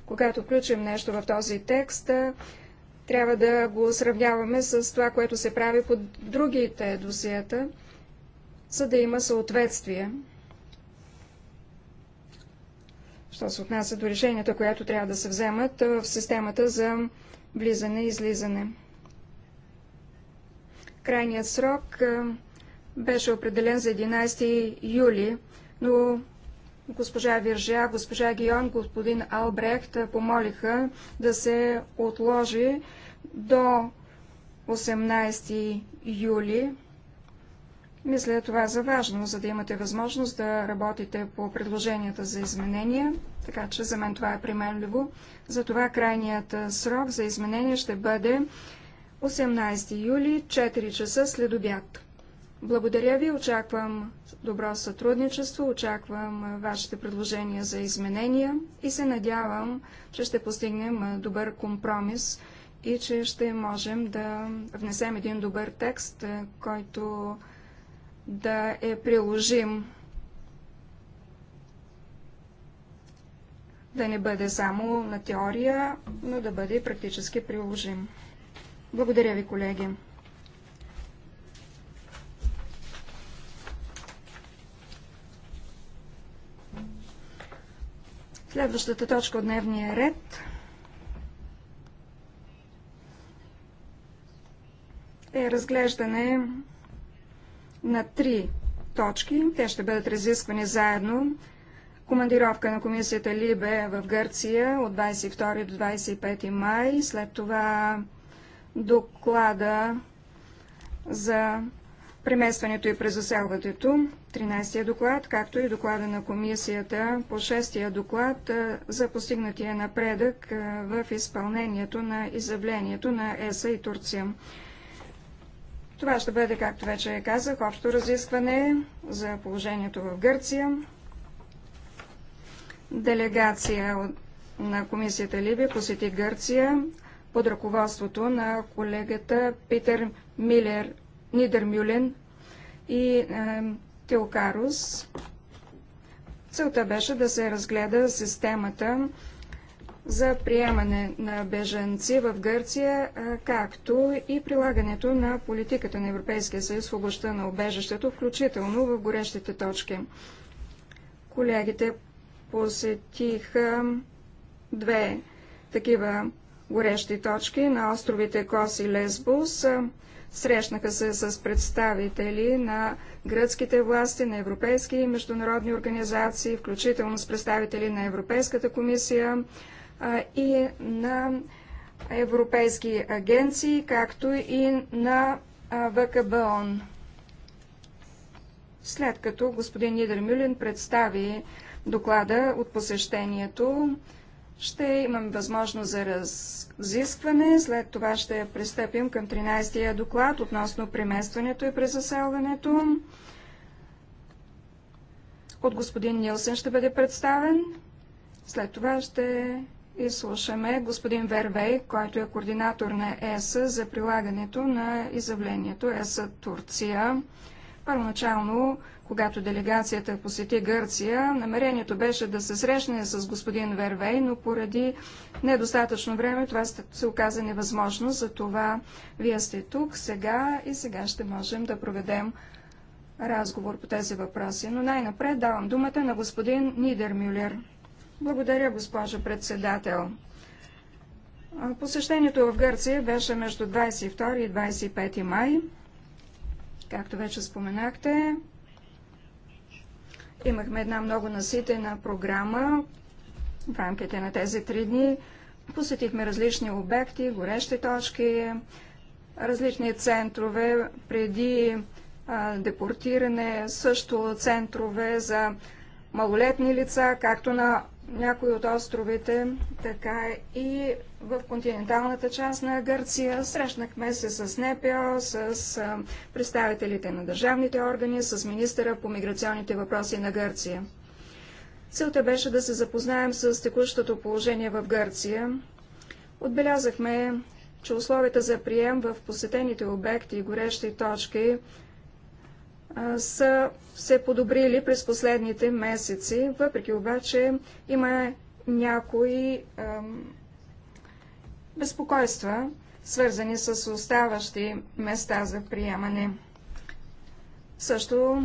[SPEAKER 3] Когато включим нещо в този текст, трябва да го сравняваме с това, което се прави по другите досията, за да има съответствие. Що се отнася до решенията, която трябва да се вземат в системата за влизане и излизане. Крайният срок беше определен за 11 юли, но Госпожа Виржа, госпожа Гион, господин Албрехт помолиха да се отложи до 18 юли. Мисля това за важно, за да имате възможност да работите по предложенията за изменения, така че за мен това е За Затова крайният срок за изменение ще бъде 18 юли, 4 часа след обяд. Благодаря ви, очаквам добро сътрудничество, очаквам вашите предложения за изменения и се надявам, че ще постигнем добър компромис и че ще можем да внесем един добър текст, който да е приложим, да не бъде само на теория, но да бъде практически приложим. Благодаря ви, колеги. Следващата точка от дневния ред е разглеждане на три точки. Те ще бъдат разисквани заедно. Командировка на комисията Либе в Гърция от 22 до 25 май. След това доклада за преместването и презаселването. 13-я доклад, както и доклада на комисията по 6-я доклад за постигнатия напредък в изпълнението на изявлението на ЕСА и Турция. Това ще бъде, както вече казах, общо разискване за положението в Гърция. Делегация на комисията Либия посети Гърция под ръководството на колегата Питер Милер Нидермюлен и е, Теокарус. Целта беше да се разгледа системата за приемане на беженци в Гърция, е, както и прилагането на политиката на Европейския съюз в областта на обежището, включително в горещите точки. Колегите посетиха две такива горещи точки на островите Кос и Лесбус. Срещнаха се с представители на гръцките власти, на европейски и международни организации, включително с представители на Европейската комисия и на европейски агенции, както и на ВКБОН. След като господин Нидер Мюлен представи доклада от посещението, ще имаме възможност за разискване. След това ще пристъпим към 13-я доклад относно преместването и презаселването. От господин Нилсен ще бъде представен. След това ще изслушаме господин Вервей, който е координатор на ЕС за прилагането на изявлението ЕС Турция. Първоначално, когато делегацията посети Гърция, намерението беше да се срещне с господин Вервей, но поради недостатъчно време това се оказа невъзможно. Затова вие сте тук сега и сега ще можем да проведем разговор по тези въпроси. Но най-напред давам думата на господин Нидермюлер. Благодаря, госпожо председател. Посещението в Гърция беше между 22 и 25 май. Както вече споменахте, имахме една много наситена програма в рамките на тези три дни. Посетихме различни обекти, горещи точки, различни центрове преди а, депортиране, също центрове за малолетни лица, както на някои от островите, така и в континенталната част на Гърция. Срещнахме се с НПО, с представителите на държавните органи, с министъра по миграционните въпроси на Гърция. Целта беше да се запознаем с текущото положение в Гърция. Отбелязахме, че условията за прием в посетените обекти и горещи точки са се подобрили през последните месеци, въпреки обаче има някои безпокойства, свързани с оставащи места за приемане. Също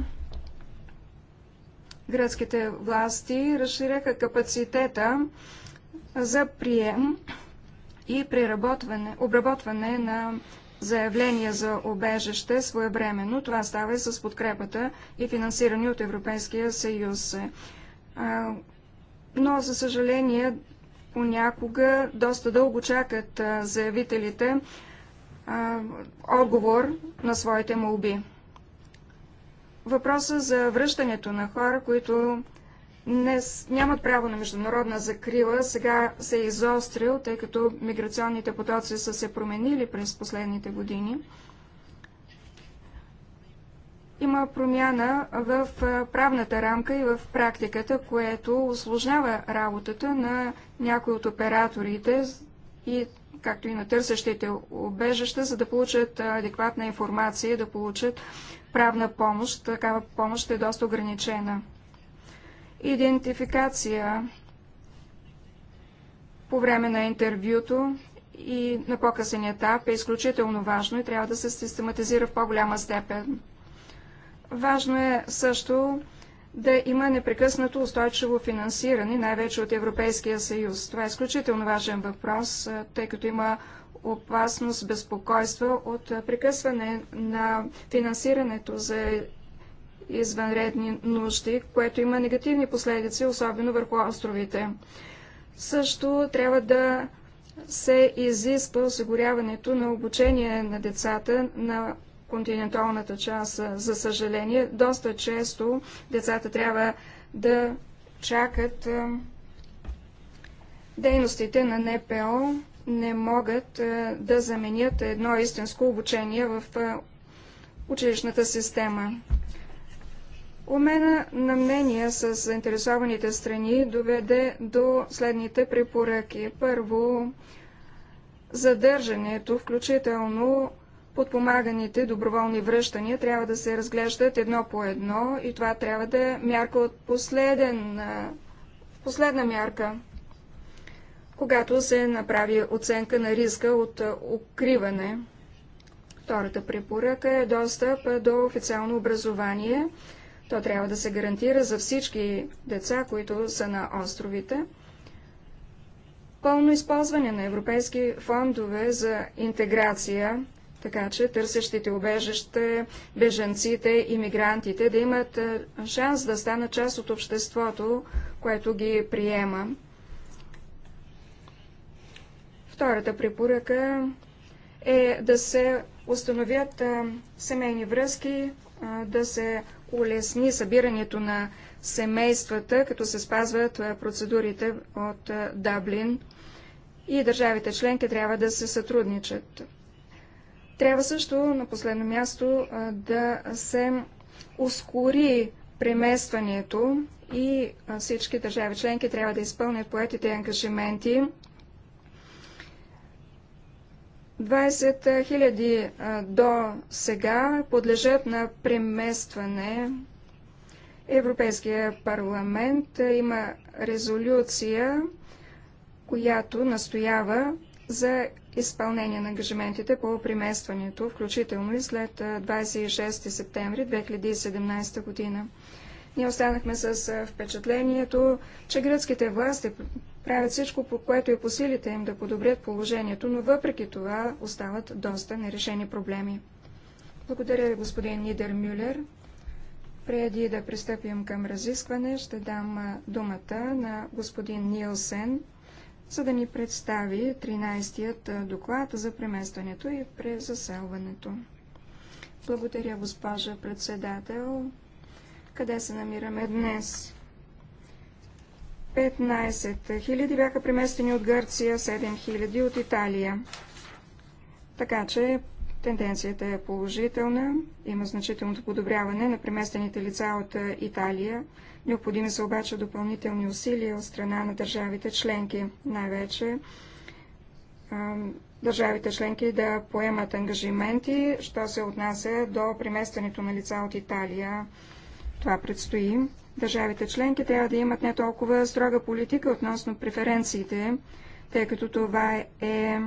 [SPEAKER 3] гръцките власти разширяха капацитета за прием и преработване, обработване на заявления за обежище своевременно. Това става и с подкрепата и финансиране от Европейския съюз. Но, за съжаление, понякога доста дълго чакат заявителите отговор на своите молби. Въпроса за връщането на хора, които не, нямат право на международна закрила, сега се е изострил, тъй като миграционните потоци са се променили през последните години. Има промяна в правната рамка и в практиката, което осложнява работата на някои от операторите и както и на търсещите обежаща, за да получат адекватна информация, да получат правна помощ. Такава помощ е доста ограничена идентификация по време на интервюто и на по-късен етап е изключително важно и трябва да се систематизира в по-голяма степен. Важно е също да има непрекъснато устойчиво финансиране, най-вече от Европейския съюз. Това е изключително важен въпрос, тъй като има опасност, безпокойство от прекъсване на финансирането за извънредни нужди, което има негативни последици, особено върху островите. Също трябва да се изисква осигуряването на обучение на децата на континенталната част. За съжаление, доста често децата трябва да чакат дейностите на НПО не могат да заменят едно истинско обучение в училищната система. Умена на мнение с заинтересованите страни доведе до следните препоръки. Първо, задържането, включително подпомаганите доброволни връщания, трябва да се разглеждат едно по едно и това трябва да е мярка от последен, последна мярка, когато се направи оценка на риска от укриване. Втората препоръка е достъп до официално образование – то трябва да се гарантира за всички деца, които са на островите. Пълно използване на европейски фондове за интеграция, така че търсещите убежище, беженците, иммигрантите да имат шанс да станат част от обществото, което ги приема. Втората препоръка е да се установят семейни връзки, да се улесни събирането на семействата, като се спазват процедурите от Даблин и държавите членки трябва да се сътрудничат. Трябва също на последно място да се ускори преместването и всички държави членки трябва да изпълнят поетите ангажименти 20 хиляди до сега подлежат на преместване. Европейския парламент има резолюция, която настоява за изпълнение на ангажиментите по приместването, включително и след 26 септември 2017 година. Ние останахме с впечатлението, че гръцките власти правят всичко, по което е по силите им да подобрят положението, но въпреки това остават доста нерешени проблеми. Благодаря ви, господин Нидер Мюлер. Преди да пристъпим към разискване, ще дам думата на господин Нилсен, за да ни представи 13-тият доклад за преместването и презаселването. Благодаря, госпожа председател. Къде се намираме днес? 15 хиляди бяха преместени от Гърция, 7 хиляди от Италия. Така че тенденцията е положителна, има значителното подобряване на преместените лица от е, Италия. Необходими са обаче допълнителни усилия от страна на държавите членки, най-вече държавите членки да поемат ангажименти, що се отнася до преместването на лица от Италия. Това предстои. Държавите членки трябва да имат не толкова строга политика относно преференциите, тъй като това е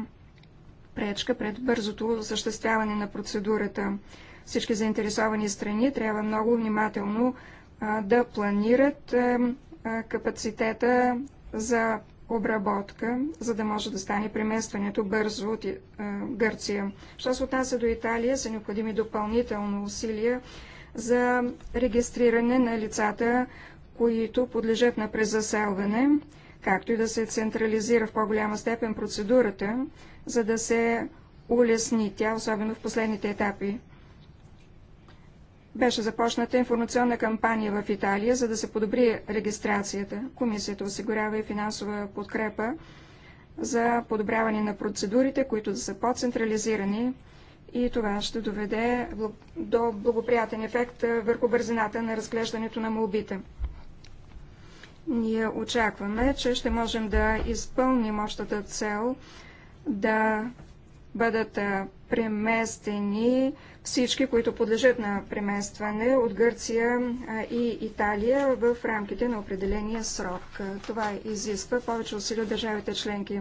[SPEAKER 3] пречка пред бързото осъществяване на процедурата. Всички заинтересовани страни трябва много внимателно а, да планират а, а, капацитета за обработка, за да може да стане преместването бързо от Гърция. Що се отнася до Италия, са необходими допълнително усилия за регистриране на лицата, които подлежат на презаселване, както и да се централизира в по-голяма степен процедурата, за да се улесни тя, особено в последните етапи. Беше започната информационна кампания в Италия, за да се подобри регистрацията. Комисията осигурява и финансова подкрепа за подобряване на процедурите, които да са по-централизирани, и това ще доведе до благоприятен ефект върху бързината на разглеждането на молбите. Ние очакваме, че ще можем да изпълним общата цел да бъдат преместени всички, които подлежат на преместване от Гърция и Италия в рамките на определения срок. Това изисква повече усилия от държавите членки.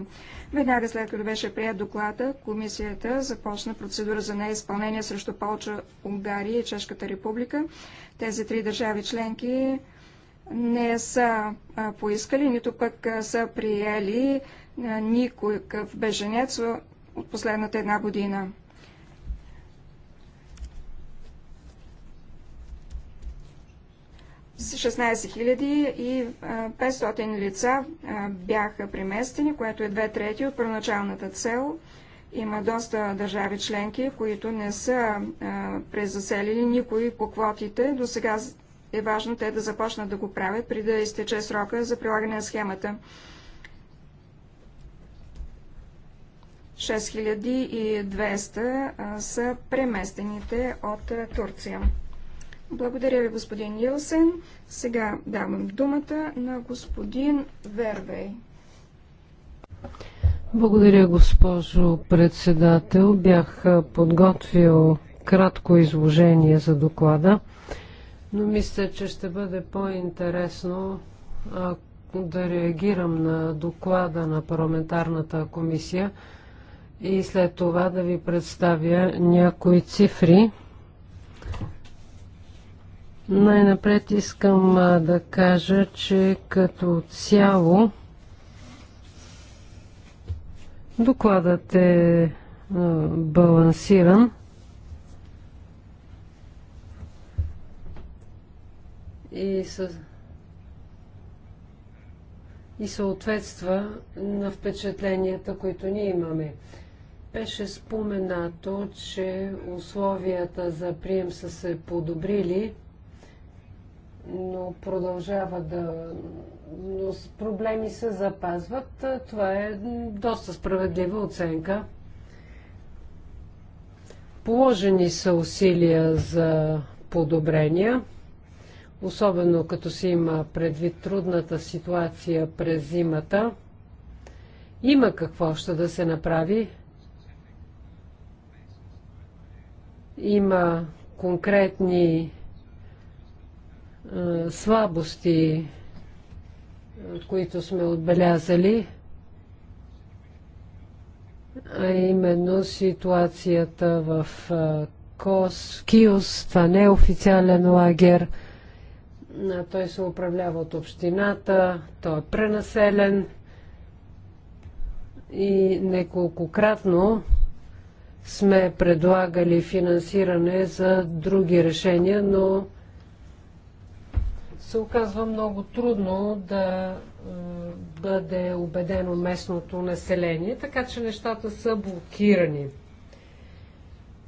[SPEAKER 3] Веднага след като беше прият доклада, комисията започна процедура за неизпълнение срещу Полча, Унгария и Чешката република. Тези три държави членки не са поискали, нито пък са приели никакъв беженец от последната една година. 16 500 лица бяха преместени, което е две трети от първоначалната цел. Има доста държави членки, които не са презаселили никой по квотите. До сега е важно те да започнат да го правят, преди да изтече срока за прилагане на схемата. 6200 са преместените от Турция. Благодаря ви, господин Нилсен. Сега давам думата на господин Вервей.
[SPEAKER 2] Благодаря, госпожо председател. Бях подготвил кратко изложение за доклада, но мисля, че ще бъде по-интересно да реагирам на доклада на парламентарната комисия и след това да ви представя някои цифри, най-напред искам да кажа, че като цяло докладът е балансиран. И с и съответства на впечатленията, които ние имаме. Беше споменато, че условията за прием са се подобрили но продължава да... Но проблеми се запазват. Това е доста справедлива оценка. Положени са усилия за подобрения, особено като се има предвид трудната ситуация през зимата. Има какво още да се направи. Има конкретни е, слабости, е, които сме отбелязали, а именно ситуацията в е, КОС, КИОС, това не е официален лагер, той се управлява от общината, той е пренаселен и неколкократно сме предлагали финансиране за други решения, но се оказва много трудно да бъде убедено местното население, така че нещата са блокирани.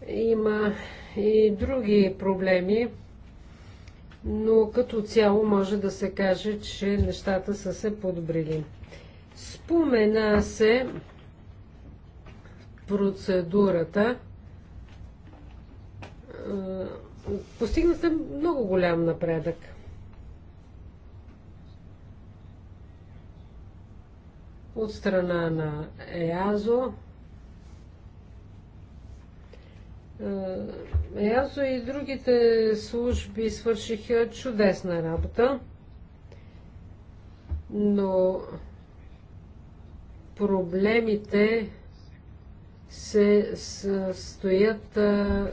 [SPEAKER 2] Има и други проблеми, но като цяло може да се каже, че нещата са се подобрили. Спомена се процедурата. Постигна се много голям напредък – от страна на ЕАЗО. Е, ЕАЗО и другите служби свършиха чудесна работа, но проблемите се състоят е,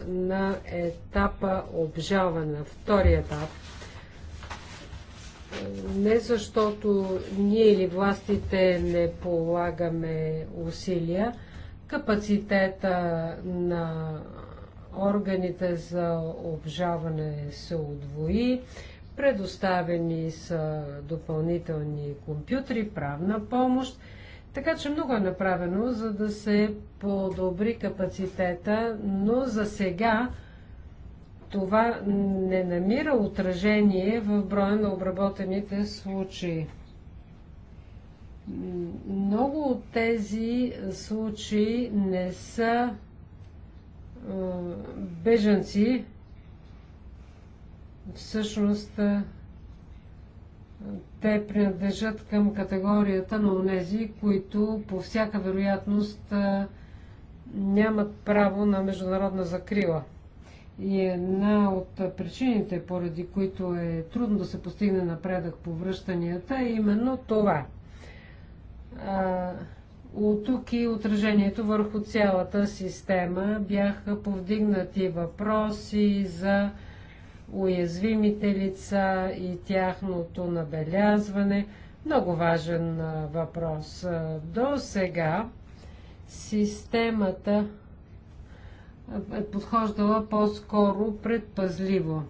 [SPEAKER 2] на етапа обжалване, втори етап – не защото ние или властите не полагаме усилия, капацитета на органите за обжаване се удвои, предоставени са допълнителни компютри, правна помощ, така че много е направено, за да се подобри капацитета, но за сега това не намира отражение в броя на обработените случаи. Много от тези случаи не са бежанци, всъщност те принадлежат към категорията на онези, които по всяка вероятност нямат право на международна закрила. И една от причините, поради които е трудно да се постигне напредък по връщанията, е именно това. А, от тук и отражението върху цялата система бяха повдигнати въпроси за уязвимите лица и тяхното набелязване. Много важен въпрос. До сега системата е подхождала по-скоро предпазливо.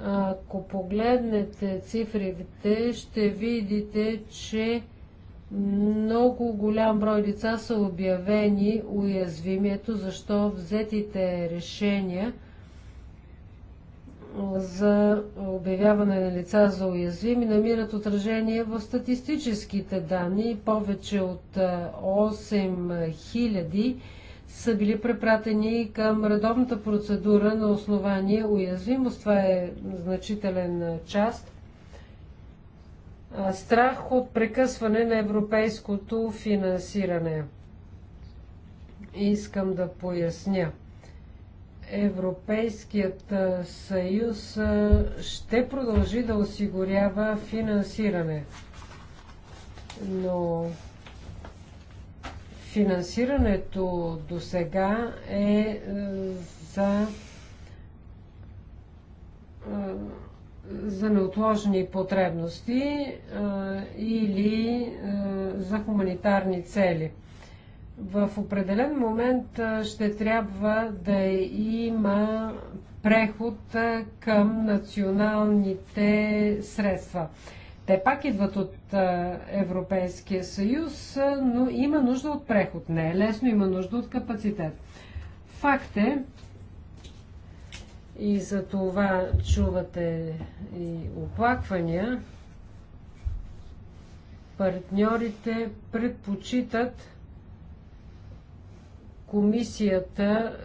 [SPEAKER 2] Ако погледнете цифрите, ще видите, че много голям брой деца са обявени уязвимието, защо взетите решения за обявяване на лица за уязвими намират отражение в статистическите данни. Повече от 8000 са били препратени към редовната процедура на основание уязвимост. Това е значителен част. Страх от прекъсване на европейското финансиране. Искам да поясня. Европейският съюз ще продължи да осигурява финансиране, но финансирането до сега е, е за, е, за неотложни потребности е, или за хуманитарни цели. В определен момент ще трябва да има преход към националните средства. Те пак идват от Европейския съюз, но има нужда от преход. Не е лесно, има нужда от капацитет. Факт е, и за това чувате и оплаквания, партньорите предпочитат комисията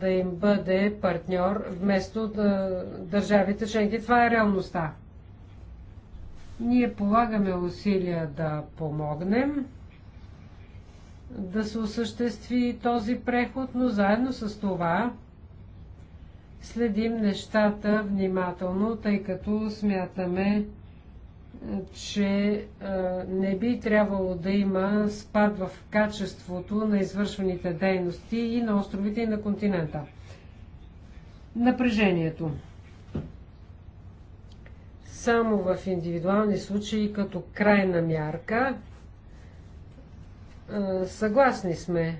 [SPEAKER 2] да им бъде партньор вместо държавите членки. Това е реалността. Ние полагаме усилия да помогнем да се осъществи този преход, но заедно с това следим нещата внимателно, тъй като смятаме, че не би трябвало да има спад в качеството на извършваните дейности и на островите и на континента. Напрежението само в индивидуални случаи като крайна мярка. Съгласни сме.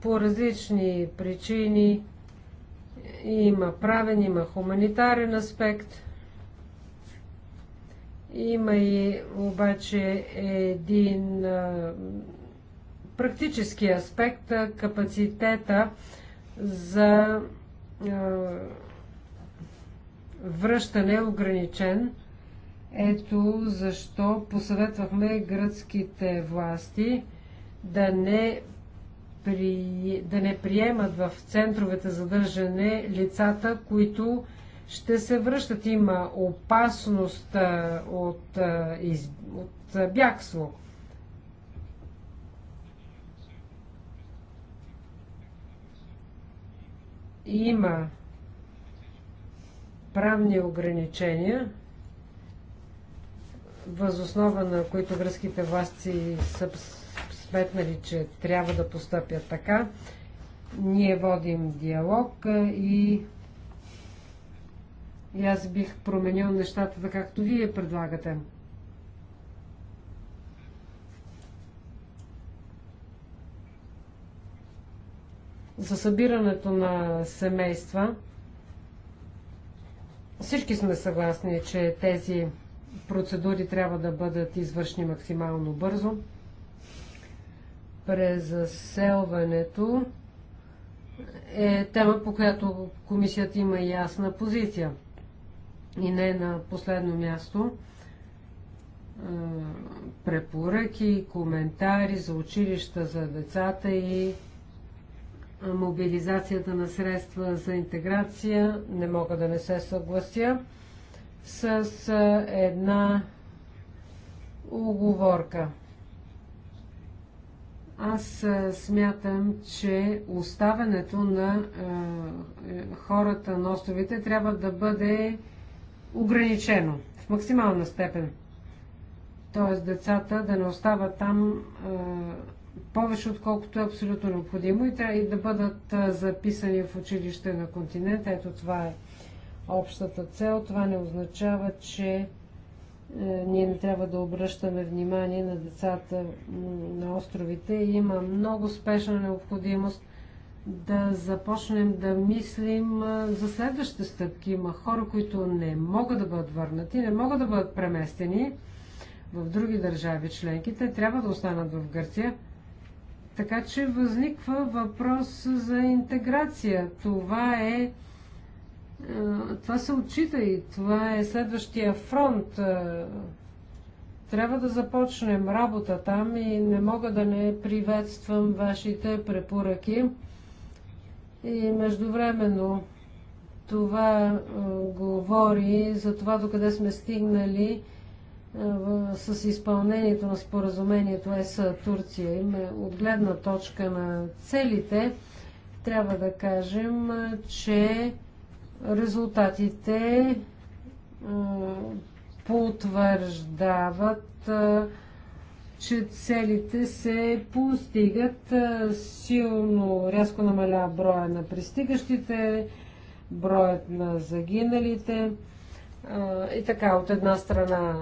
[SPEAKER 2] По различни причини има правен, има хуманитарен аспект. Има и обаче един а, практически аспект, капацитета за а, връщане е ограничен. Ето защо посъветвахме гръцките власти да не, при... да не приемат в центровете за държане лицата, които ще се връщат. Има опасност от, из... от бягство. Има правни ограничения, възоснова на които гръцките власти са сметнали, че трябва да постъпят така. Ние водим диалог и, и аз бих променил нещата така, както вие предлагате. За събирането на семейства – всички сме съгласни, че тези процедури трябва да бъдат извършни максимално бързо. Презаселването е тема, по която комисията има ясна позиция. И не на последно място препоръки, коментари за училища за децата и мобилизацията на средства за интеграция, не мога да не се съглася, с една оговорка. Аз смятам, че оставането на хората на островите трябва да бъде ограничено в максимална степен. Тоест децата да не остават там повече отколкото е абсолютно необходимо и трябва и да бъдат записани в училище на континента. Ето това е общата цел. Това не означава, че е, ние не трябва да обръщаме внимание на децата на островите. Има много спешна необходимост да започнем да мислим за следващите стъпки. Има хора, които не могат да бъдат върнати, не могат да бъдат преместени в други държави членки. Те трябва да останат в Гърция. Така че възниква въпрос за интеграция. Това е, е това се отчита и това е следващия фронт. Е, трябва да започнем работа там и не мога да не приветствам вашите препоръки. И междувременно това е, говори за това докъде сме стигнали е, с изпълнението на споразумението ЕС Турция. Е от гледна точка на целите, трябва да кажем, е, че резултатите потвърждават, че целите се постигат силно, рязко намалява броя на пристигащите, броят на загиналите. И така, от една страна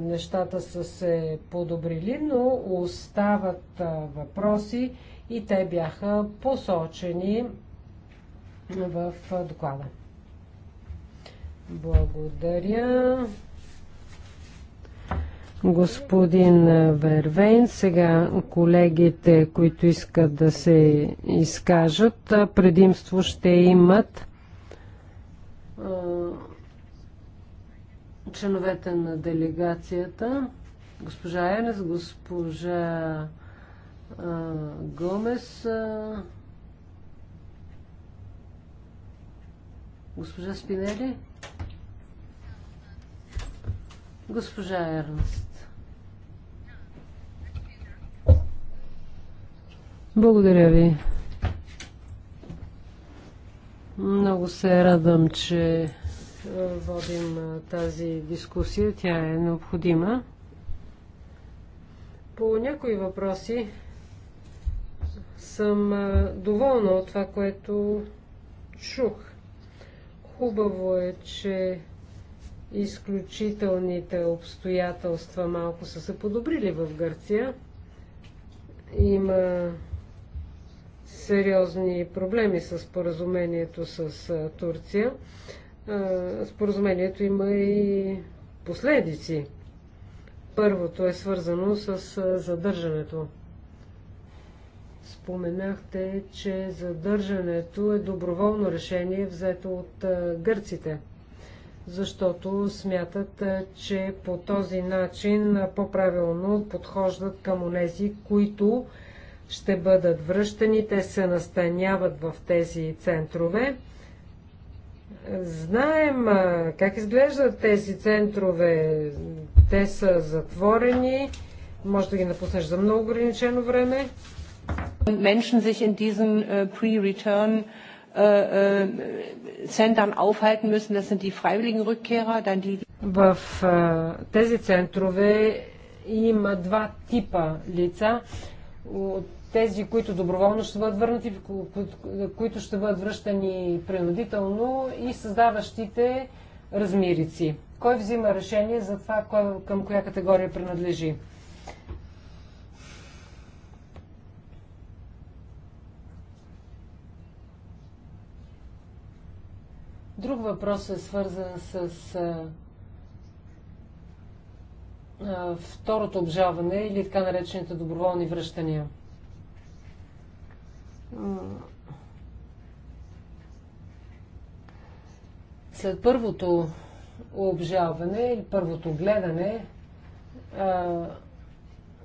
[SPEAKER 2] нещата са се подобрили, но остават въпроси и те бяха посочени в доклада. Благодаря. Господин Вервейн, сега колегите, които искат да се изкажат, предимство ще имат членовете на делегацията, госпожа Енес, госпожа а, Гомес, а, госпожа Спинели, госпожа Ернст. Благодаря ви. Много се радвам, че водим тази дискусия. Тя е необходима. По някои въпроси съм доволна от това, което чух. Хубаво е, че изключителните обстоятелства малко са се подобрили в Гърция. Има сериозни проблеми с поразумението с Турция споразумението има и последици. Първото е свързано с задържането. Споменахте, че задържането е доброволно решение, взето от гърците, защото смятат, че по този начин по-правилно подхождат към онези, които ще бъдат връщани, те се настаняват в тези центрове Знаем как изглеждат тези центрове. Те са затворени. Може да ги напуснеш за много ограничено време. Menschen sich in diesen pre-return Centern aufhalten müssen. Das sind die freiwilligen Rückkehrer, dann die. В тези центрове има два типа лица. От тези, които доброволно ще бъдат върнати, които ще бъдат връщани принудително и създаващите размирици. Кой взима решение за това, кой, към коя категория принадлежи? Друг въпрос е свързан с второто обжалване или така наречените доброволни връщания след първото обжалване или първото гледане,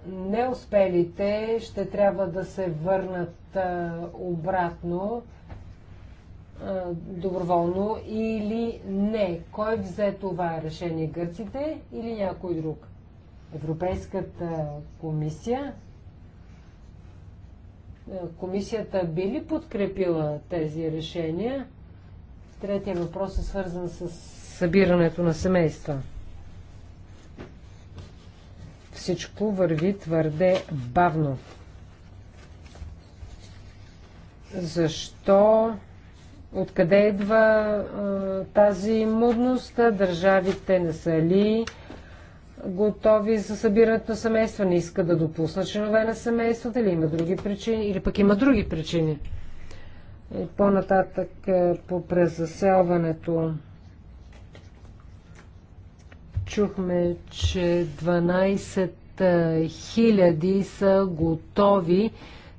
[SPEAKER 2] неуспелите ще трябва да се върнат обратно доброволно или не. Кой взе това решение? Гърците или някой друг? Европейската комисия е, комисията би ли подкрепила тези решения? Третия въпрос е свързан с събирането на семейства. Всичко върви твърде бавно. Защо? Откъде идва а, е, тази мудност? Държавите не са ли готови за събирането на семейства, не искат да допуснат членове на семействата или има други причини, или пък има други причини. И по-нататък е, по презаселването чухме, че 12 е, хиляди са готови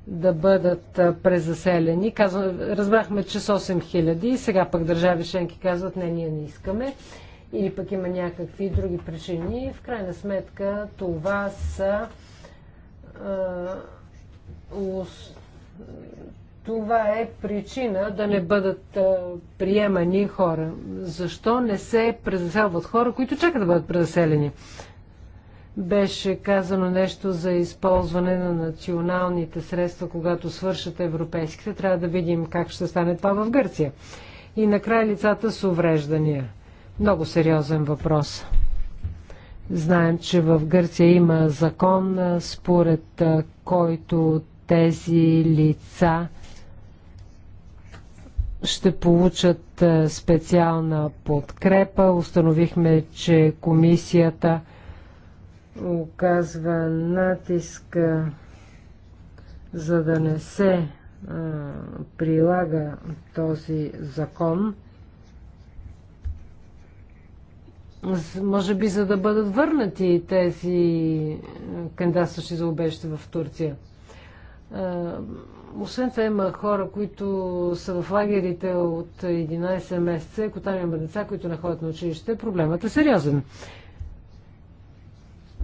[SPEAKER 2] да бъдат е, презаселени. Казвам, разбрахме, че с 8 000 и сега пък държави членки казват, не, ние не искаме или пък има някакви други причини. В крайна сметка това са това е причина да не бъдат а, приемани хора. Защо не се презаселват хора, които чакат да бъдат презаселени? Беше казано нещо за използване на националните средства, когато свършат европейските. Трябва да видим как ще стане това в Гърция. И накрая лицата с увреждания. Много сериозен въпрос. Знаем, че в Гърция има закон, според който тези лица ще получат специална подкрепа. Установихме, че комисията оказва натиск за да не се а, прилага този закон. може би за да бъдат върнати тези е, кандидатстващи за убежище в Турция. Е, освен това има хора, които са в лагерите от 11 месеца, ако там има деца, които не ходят на училище, проблемът е сериозен.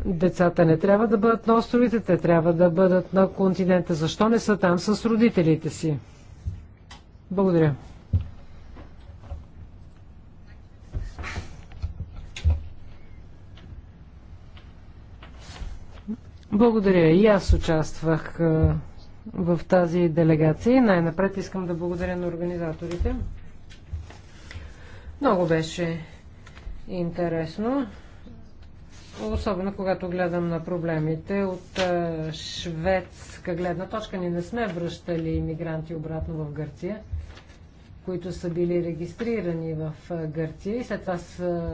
[SPEAKER 2] Децата не трябва да бъдат на островите, те трябва да бъдат на континента. Защо не са там с родителите си? Благодаря. Благодаря. И аз участвах в тази делегация. Най-напред искам да благодаря на организаторите. Много беше интересно. Особено когато гледам на проблемите от шведска гледна точка. Ние не сме връщали иммигранти обратно в Гърция, които са били регистрирани в Гърция и след това са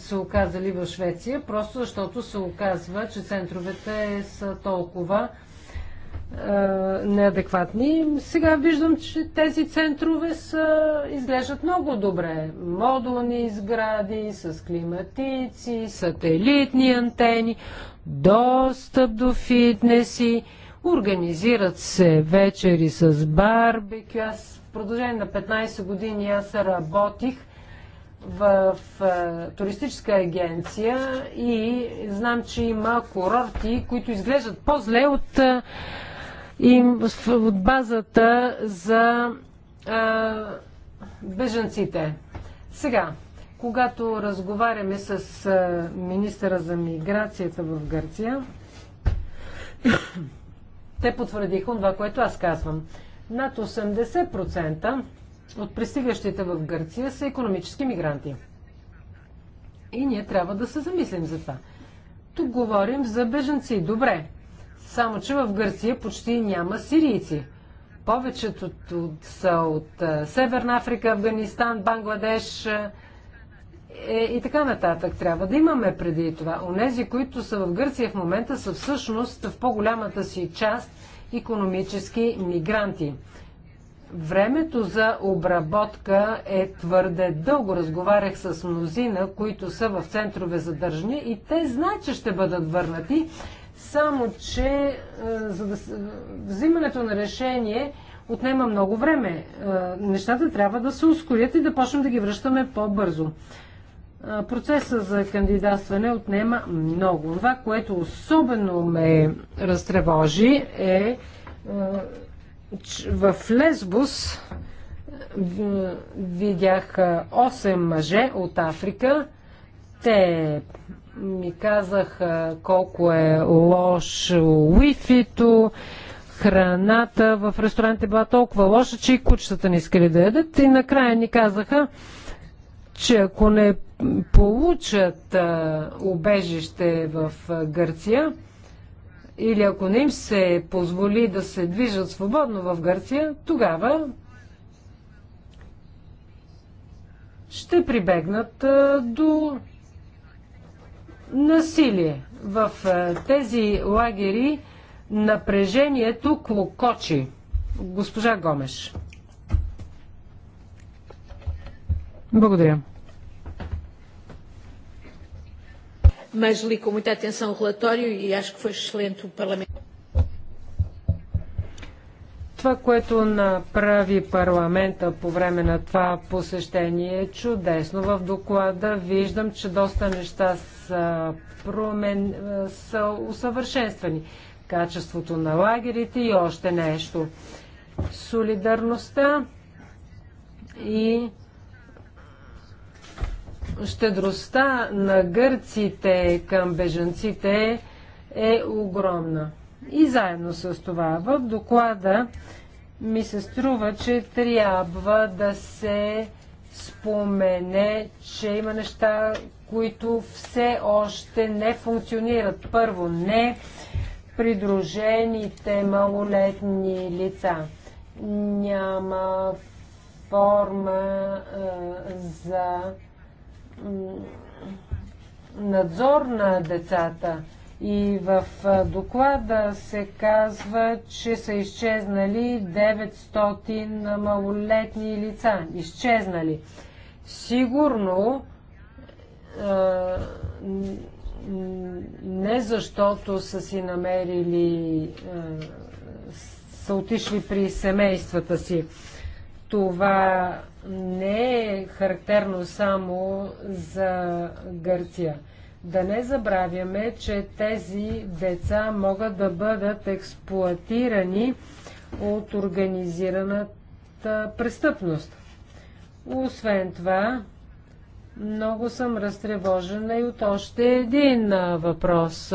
[SPEAKER 2] се оказали в Швеция, просто защото се оказва, че центровете са толкова е, неадекватни. Сега виждам, че тези центрове са, изглеждат много добре. Модулни сгради, с климатици, сателитни антени, достъп до фитнеси, организират се вечери с барбекю. Аз в продължение на 15 години аз работих в туристическа агенция и знам, че има курорти, които изглеждат по-зле от, им, от базата за а, бежанците. Сега, когато разговаряме с а, министъра за миграцията в Гърция, <coughs> те потвърдиха това, което аз казвам. Над 80% от пристигащите в Гърция са економически мигранти. И ние трябва да се замислим за това. Тук говорим за беженци. Добре. Само, че в Гърция почти няма сирийци. Повечето от, са от Северна Африка, Афганистан, Бангладеш е, и така нататък. Трябва да имаме преди това. Онези, които са в Гърция в момента, са всъщност в по-голямата си част економически мигранти. Времето за обработка е твърде дълго. Разговарях с мнозина, които са в центрове за държане и те знаят, че ще бъдат върнати, само че е, за да, взимането на решение отнема много време. Е, нещата трябва да се ускорят и да почнем да ги връщаме по-бързо. Е, процеса за кандидатстване отнема много. Това, което особено ме разтревожи е в Лесбус видях 8 мъже от Африка. Те ми казаха колко е лошо уифито, храната в ресторантите била толкова лоша, че и кучетата не искали да ядат. И накрая ни казаха, че ако не получат а, убежище в Гърция, или ако не им се позволи да се движат свободно в Гърция, тогава ще прибегнат до насилие. В тези лагери напрежението клокочи. Госпожа Гомеш. Благодаря. mas li com muita atenção o relatório и e acho que foi excelente o Parlamento. Това, което направи парламента по време на това посещение е чудесно. В доклада виждам, че доста неща са, промен... са усъвършенствани. Качеството на лагерите и още нещо. Солидарността и щедростта на гърците към бежанците е огромна. И заедно с това в доклада ми се струва, че трябва да се спомене, че има неща, които все още не функционират. Първо, не придружените малолетни лица. Няма форма а, за надзор на децата. И в доклада се казва, че са изчезнали 900 малолетни лица. Изчезнали. Сигурно не защото са си намерили, са отишли при семействата си. Това не е характерно само за Гърция. Да не забравяме, че тези деца могат да бъдат експлуатирани от организираната престъпност. Освен това, много съм разтревожена и от още един въпрос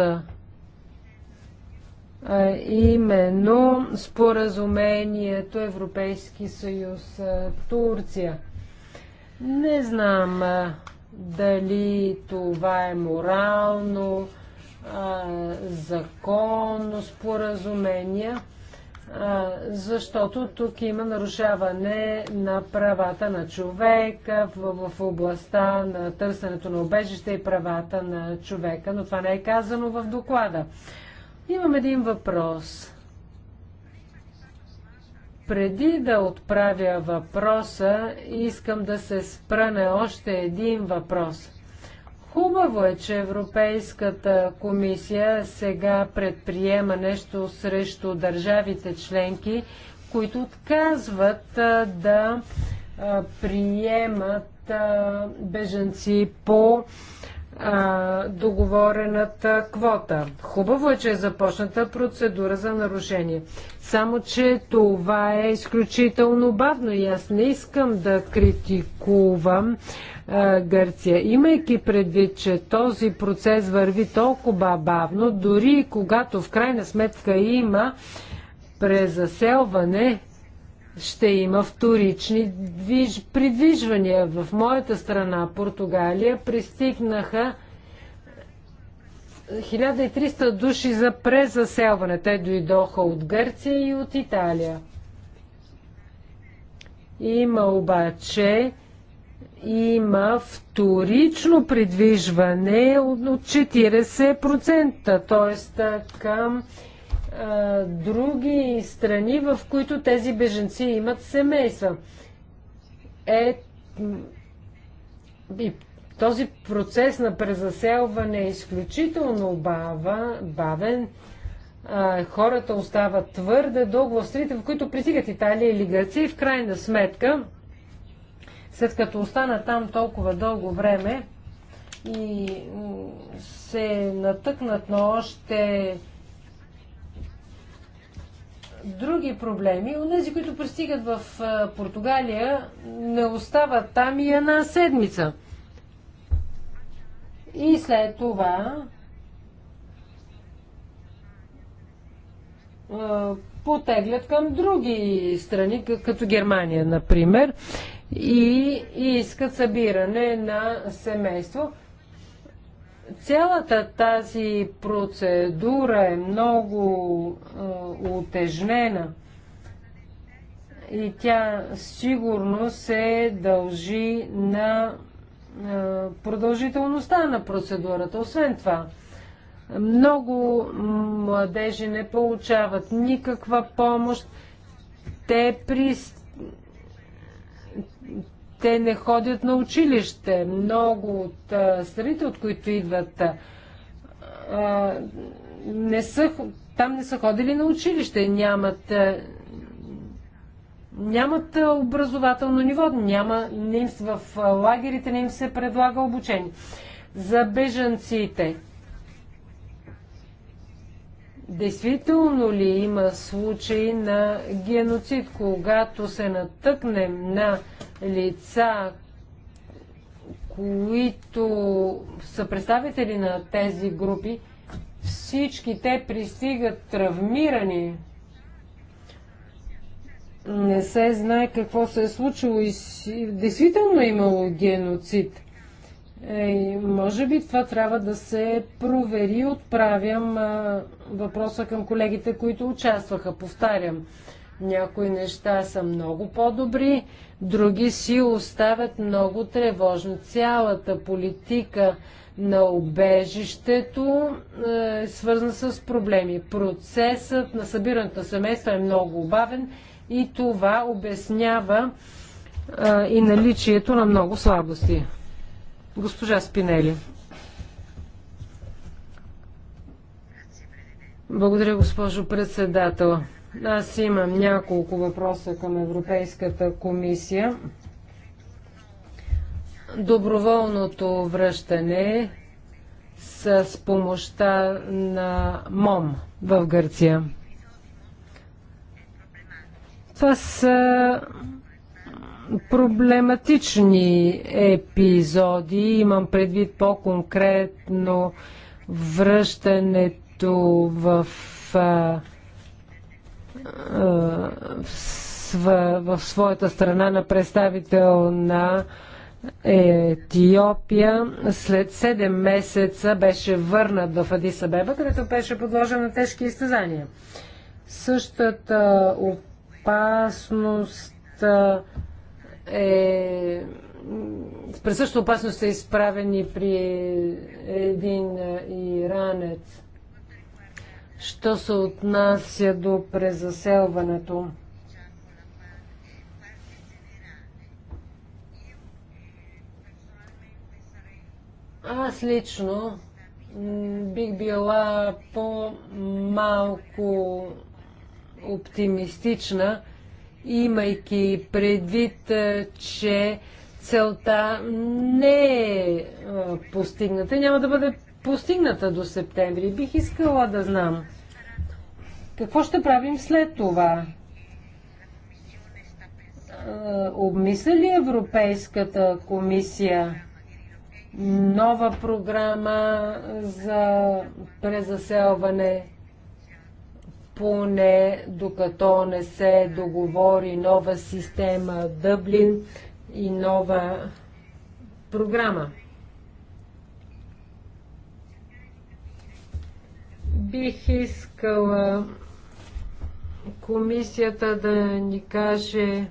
[SPEAKER 2] именно споразумението Европейски съюз Турция. Не знам дали това е морално, законно споразумение, защото тук има нарушаване на правата на човека в, областта на търсенето на убежище и правата на човека, но това не е казано в доклада. Имам един въпрос. Преди да отправя въпроса, искам да се спра на още един въпрос. Хубаво е, че Европейската комисия сега предприема нещо срещу държавите членки, които отказват да приемат беженци по а, договорената квота. Хубаво е, че е започната процедура за нарушение. Само, че това е изключително бавно и аз не искам да критикувам а, Гърция. Имайки предвид, че този процес върви толкова бавно, дори когато в крайна сметка има презаселване, ще има вторични движ... придвижвания. В моята страна, Португалия, пристигнаха 1300 души за презаселване. Те дойдоха от Гърция и от Италия. Има обаче има вторично придвижване от 40%, т.е. към други страни, в които тези беженци имат семейства. Е, и този процес на презаселване е изключително бава, бавен. А, хората остават твърде дълго в страните, в които пристигат Италия или Гърция и в крайна сметка, след като остана там толкова дълго време и се натъкнат на още други проблеми. Онези, които пристигат в Португалия, не остават там и една седмица. И след това потеглят към други страни, като Германия, например, и искат събиране на семейство – Цялата тази процедура е много е, утежнена и тя сигурно се дължи на е, продължителността на процедурата. Освен това, много младежи не получават никаква помощ. Те пристигат те не ходят на училище. Много от страните, от които идват, не са, там не са ходили на училище, нямат, нямат образователно ниво, няма, не им, в лагерите не им се предлага обучение. За бежанците – Действително ли има случаи на геноцид, когато се натъкнем на лица, които са представители на тези групи, всички те пристигат травмирани. Не се знае какво се е случило и действително е имало геноцид. Е, може би това трябва да се провери. Отправям а, въпроса към колегите, които участваха. Повтарям, някои неща са много по-добри, други си оставят много тревожно. Цялата политика на убежището е, е свързана с проблеми. Процесът на събирането на семейства е много обавен и това обяснява а, е, и наличието на много слабости. Госпожа Спинели. Благодаря, госпожо председател. Аз имам няколко въпроса към Европейската комисия. Доброволното връщане с помощта на МОМ в Гърция. Това са проблематични епизоди. Имам предвид по-конкретно връщането в, а, а, в, в своята страна на представител на Етиопия. След 7 месеца беше върнат в Адисабеба, където беше подложен на тежки изтезания. Същата опасност е през същата опасност са изправени при един е, иранец. Що се отнася до презаселването? Аз лично бих била по-малко оптимистична имайки предвид, че целта не е постигната, няма да бъде постигната до септември. Бих искала да знам какво ще правим след това. Обмисля ли Европейската комисия нова програма за презаселване? поне докато не се договори нова система Дъблин и нова програма. Бих искала комисията да ни каже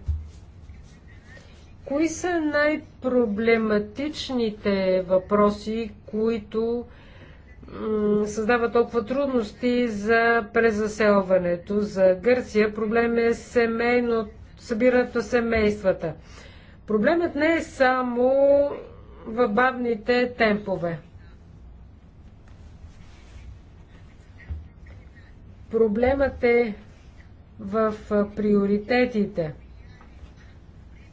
[SPEAKER 2] кои са най-проблематичните въпроси, които създава толкова трудности за презаселването. За Гърция проблем е семейно, събирането на семействата. Проблемът не е само в бавните темпове. Проблемът е в приоритетите.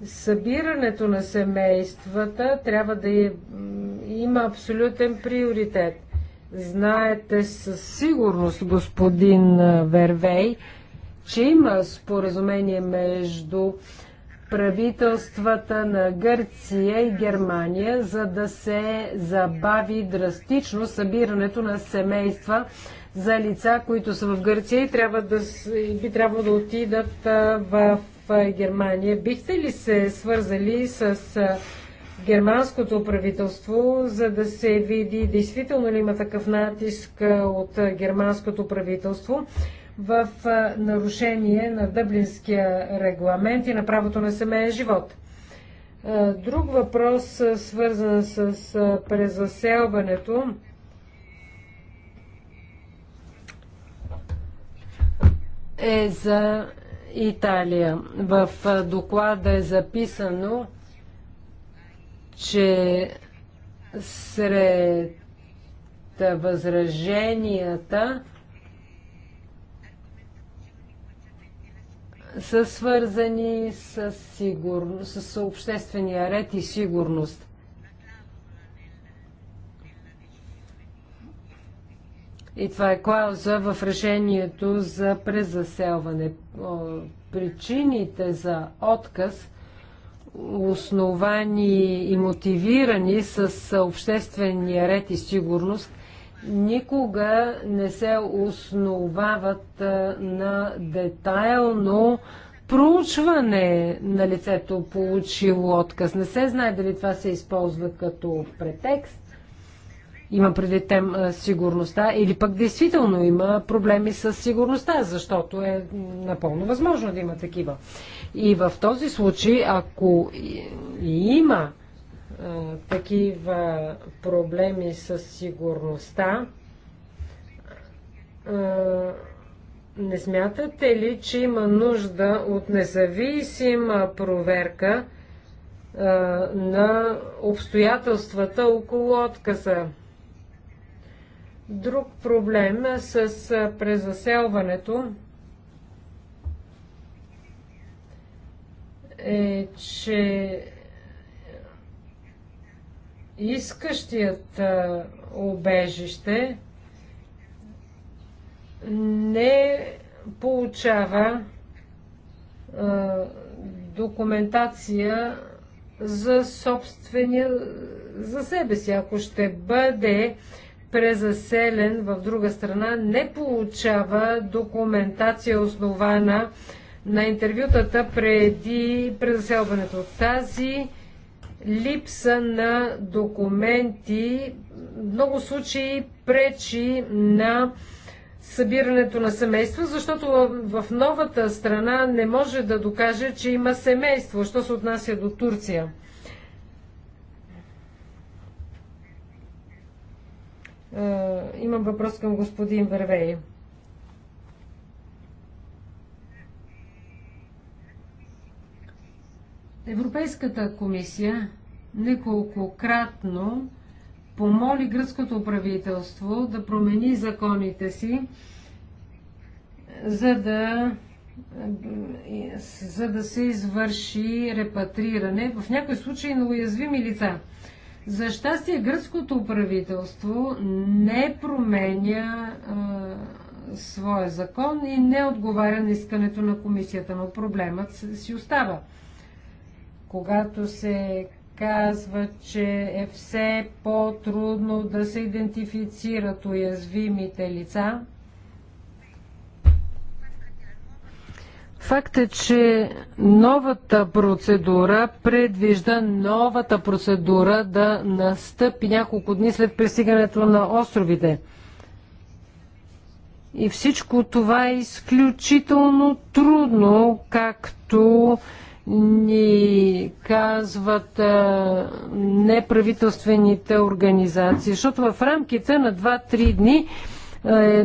[SPEAKER 2] Събирането на семействата трябва да е, има абсолютен приоритет – Знаете със сигурност, господин Вервей, че има споразумение между правителствата на Гърция и Германия, за да се забави драстично събирането на семейства за лица, които са в Гърция и трябва да, би трябвало да отидат в Германия. Бихте ли се свързали с германското правителство, за да се види действително ли има такъв натиск от германското правителство в нарушение на Дъблинския регламент и на правото на семейен живот. Друг въпрос, свързан с презаселването, е за Италия. В доклада е записано, че сред възраженията са свързани с, сигур... с обществения ред и сигурност. И това е клауза в решението за презаселване. Причините за отказ – основани и мотивирани с обществения ред и сигурност, никога не се основават на детайлно проучване на лицето, получило отказ. Не се знае дали това се използва като претекст Имам предвид тем сигурността или пък действително има проблеми с сигурността, защото е напълно възможно да има такива. И в този случай, ако има такива проблеми с сигурността, не смятате ли, че има нужда от независима проверка а, на обстоятелствата около отказа? Друг проблем е с презаселването е, че искащият обежище не получава а, документация за собствения, за себе си. Ако ще бъде презаселен в друга страна, не получава документация основана на интервютата преди презаселването. Тази липса на документи в много случаи пречи на събирането на семейства, защото в новата страна не може да докаже, че има семейство, що се отнася до Турция. Е, имам въпрос към господин Вървей. Европейската комисия неколкократно помоли гръцкото правителство да промени законите си, за да, за да се извърши репатриране, в някои случаи на уязвими лица – за щастие, гръцкото правителство не променя а, своя закон и не отговаря на искането на комисията, но проблемът си остава. Когато се казва, че е все по-трудно да се идентифицират уязвимите лица, Факт е, че новата процедура предвижда новата процедура да настъпи няколко дни след пристигането на островите. И всичко това е изключително трудно, както ни казват а, неправителствените организации, защото в рамките на 2-3 дни е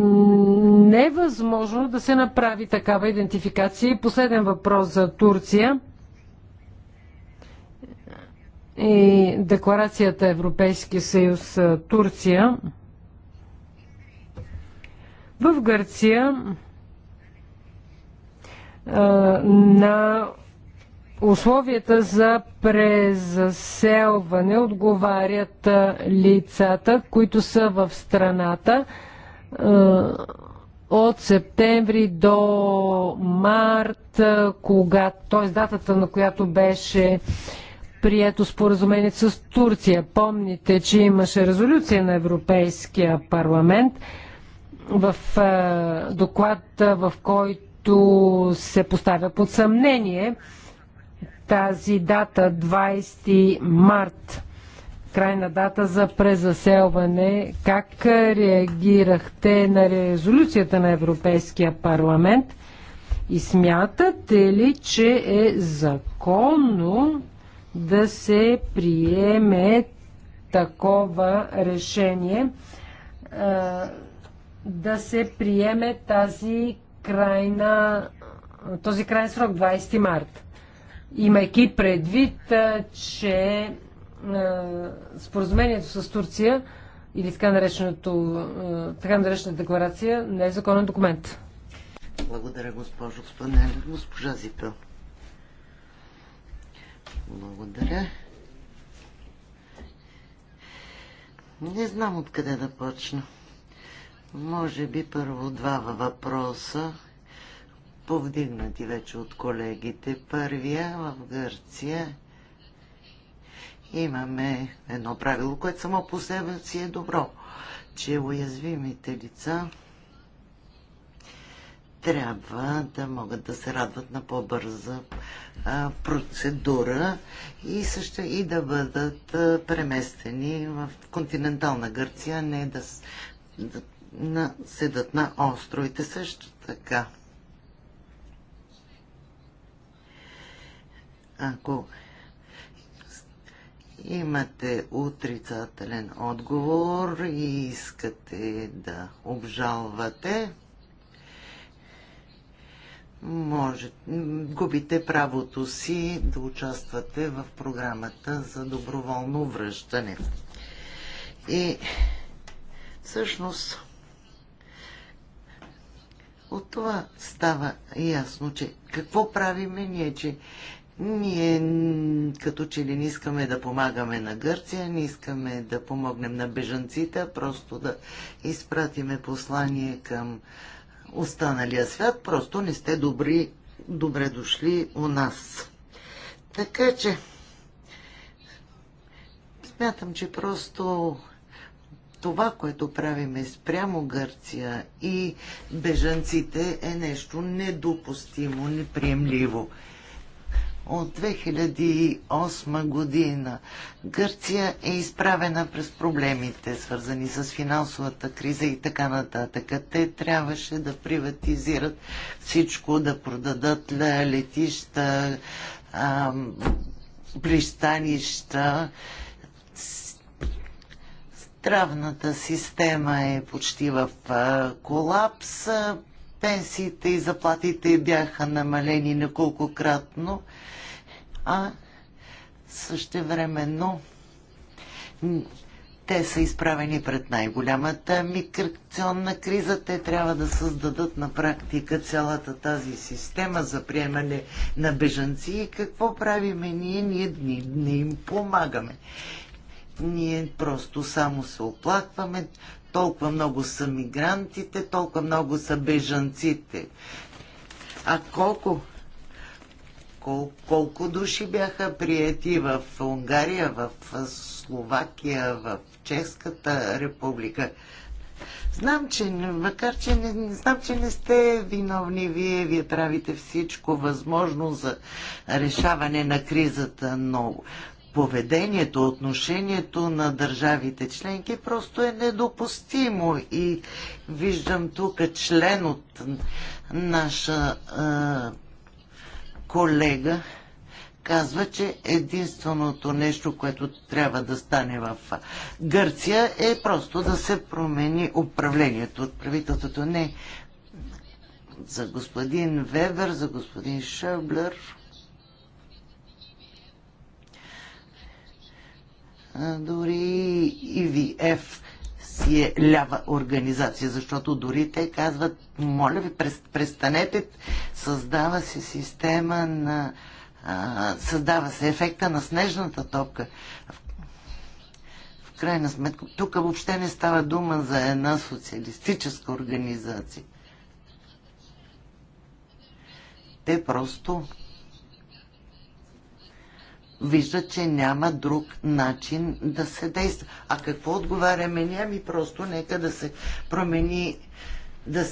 [SPEAKER 2] невъзможно да се направи такава идентификация. И последен въпрос за Турция и декларацията Европейски съюз е, Турция. В Гърция е, на условията за презаселване отговарят е, лицата, които са в страната е, от септември до март, е, когато, т.е. датата, на която беше прието споразумение с Турция. Помните, че имаше резолюция на Европейския парламент в е, доклад, е, в който се поставя под съмнение тази дата 20 март крайна дата за презаселване. Как реагирахте на резолюцията на Европейския парламент? И смятате ли, че е законно да се приеме такова решение, да се приеме тази крайна, този крайен срок 20 март? Имайки предвид, че споразумението с Турция или така, нареченото, е, така наречена декларация не е законен документ.
[SPEAKER 1] Благодаря, госпожо Спанел, Госпожа Зипел. Благодаря. Не знам откъде да почна. Може би първо два въпроса, повдигнати вече от колегите. Първия в Гърция имаме едно правило, което само по себе си е добро, че уязвимите лица трябва да могат да се радват на по-бърза процедура и също и да бъдат преместени в континентална Гърция, не да, да на, седат на островите също така. Ако имате отрицателен отговор и искате да обжалвате, може, губите правото си да участвате в програмата за доброволно връщане. И всъщност от това става ясно, че какво правиме ние, че ние като че ли не искаме да помагаме на Гърция, не искаме да помогнем на бежанците, просто да изпратиме послание към останалия свят. Просто не сте добри, добре дошли у нас. Така че, смятам, че просто това, което правиме спрямо Гърция и бежанците е нещо недопустимо, неприемливо. От 2008 година Гърция е изправена през проблемите, свързани с финансовата криза и така нататък. Те трябваше да приватизират всичко, да продадат летища, пристанища. Здравната система е почти в колапс пенсиите и заплатите бяха намалени неколкократно, а същевременно те са изправени пред най-голямата миграционна криза. Те трябва да създадат на практика цялата тази система за приемане на бежанци. И какво правиме ние? Ние дни, не им помагаме. Ние просто само се оплакваме, толкова много са мигрантите, толкова много са бежанците. А колко, кол, колко души бяха приети в Унгария, в Словакия, в Чешската република? Знам, че макар, че не, знам, че не сте виновни вие, вие правите всичко възможно за решаване на кризата, но поведението, отношението на държавите членки просто е недопустимо и виждам тук член от наша е, колега казва, че единственото нещо, което трябва да стане в Гърция е просто да се промени управлението от правителството. Не за господин Вебер, за господин Шъблер дори ИВФ си е лява организация, защото дори те казват, моля ви, престанете, създава се система на създава се ефекта на снежната топка. В крайна сметка, тук въобще не става дума за една социалистическа организация. Те просто Вижда, че няма друг начин да се действа. А какво отговаряме ние? Ами просто нека да се промени да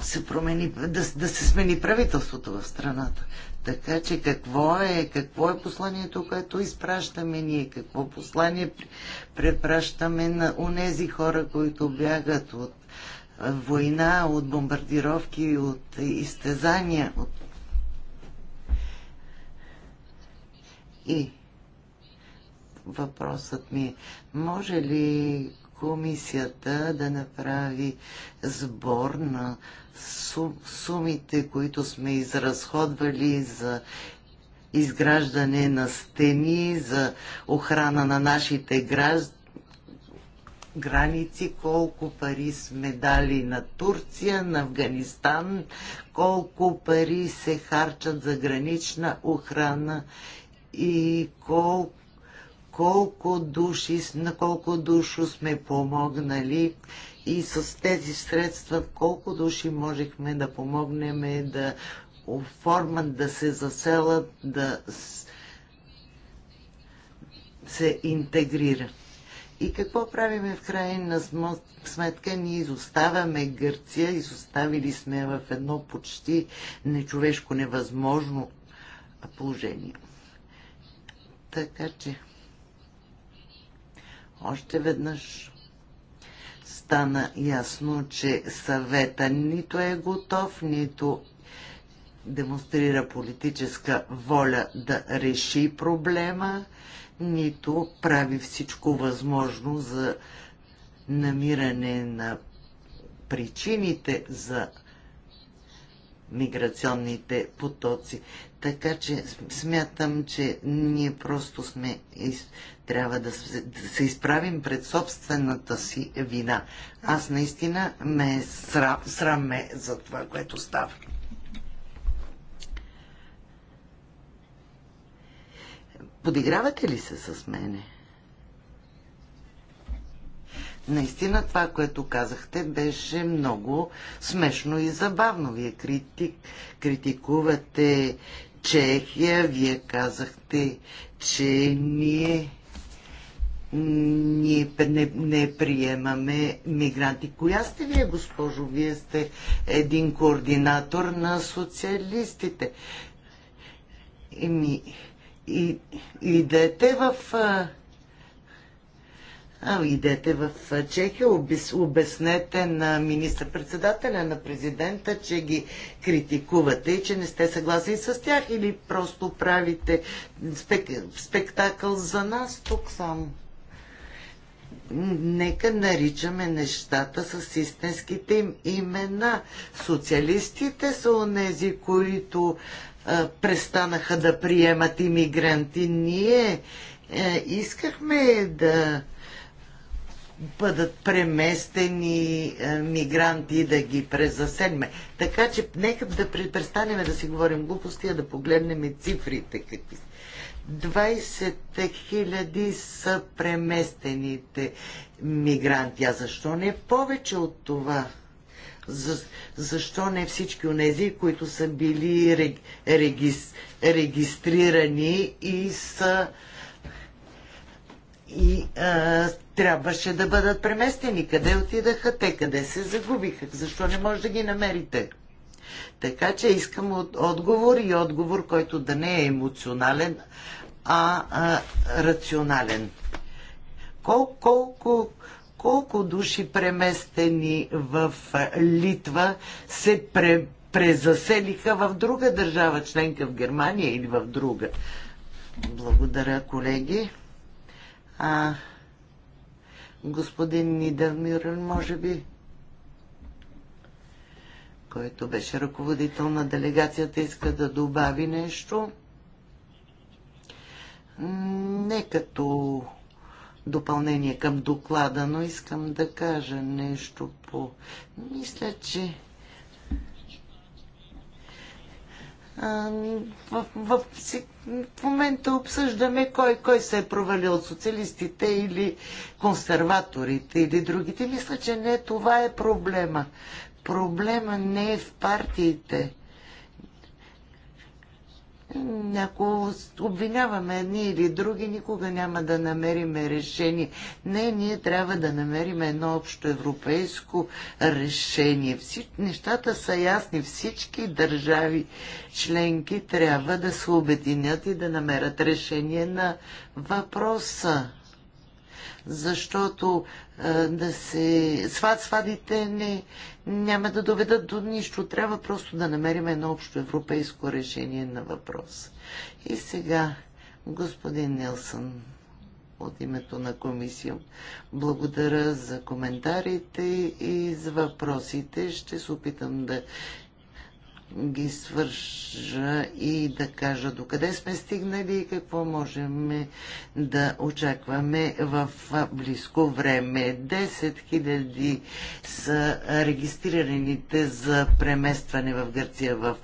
[SPEAKER 1] се промени, да, да се смени правителството в страната. Така че какво е, какво е посланието, което изпращаме ние, какво послание препращаме на унези хора, които бягат от война, от бомбардировки, от изтезания, от И въпросът ми е, може ли комисията да направи сбор на сумите, които сме изразходвали за изграждане на стени, за охрана на нашите граждани, граници, колко пари сме дали на Турция, на Афганистан, колко пари се харчат за гранична охрана и колко колко души, на колко душо сме помогнали и с тези средства колко души можехме да помогнем е да оформят, да се заселят, да се интегрира. И какво правиме в крайна сметка? Ние изоставяме Гърция, изоставили сме в едно почти нечовешко невъзможно положение. Така че още веднъж стана ясно, че съвета нито е готов, нито демонстрира политическа воля да реши проблема, нито прави всичко възможно за намиране на причините за миграционните потоци. Така че смятам, че ние просто сме, трябва да се изправим пред собствената си вина. Аз наистина ме е срам, срам ме за това, което става. Подигравате ли се с мене? Наистина това, което казахте, беше много смешно и забавно. Вие критик, критикувате Чехия. Вие казахте, че ние ние не, не приемаме мигранти. Коя сте вие, госпожо? Вие сте един координатор на социалистите. И, ми, и, идете в а, а, идете в Чехия, обяснете на министър-председателя, на президента, че ги критикувате и че не сте съгласни с тях или просто правите спек, спектакъл за нас тук само. Нека наричаме нещата с истинските им имена. Социалистите са онези, които а, престанаха да приемат иммигранти. Ние а, е, искахме да бъдат преместени е, мигранти да ги презаселме. Така че нека да престанем да си говорим глупости, а да погледнем и цифрите какви са. 20 хиляди са преместените мигранти. А защо не повече от това? За, защо не всички от тези, които са били реги, регис, регистрирани и са и а, трябваше да бъдат преместени. Къде отидаха те? Къде се загубиха? Защо не може да ги намерите? Така че искам от, отговор и отговор, който да не е емоционален, а, а рационален. Кол, колко, колко души преместени в Литва се пре, презаселиха в друга държава, членка в Германия или в друга? Благодаря, колеги. А, господин Нидермюрен, може би, който беше ръководител на делегацията, иска да добави нещо. Не като допълнение към доклада, но искам да кажа нещо по... Мисля, че в, в, в момента обсъждаме кой, кой се е провалил от социалистите или консерваторите или другите. Мисля, че не това е проблема. Проблема не е в партиите. Ако обвиняваме едни или други, никога няма да намерим решение. Не, ние трябва да намерим едно общо европейско решение. Всич... Нещата са ясни. Всички държави членки трябва да се обединят и да намерят решение на въпроса. Защото е, да се... Сват, свадите не, няма да доведат до нищо. Трябва просто да намерим едно общо европейско решение на въпроса. И сега, господин Нилсън, от името на комисия. Благодаря за коментарите и за въпросите. Ще се опитам да ги свърша и да кажа докъде сме стигнали и какво можем да очакваме в близко време. 10 000 са регистрираните за преместване в Гърция в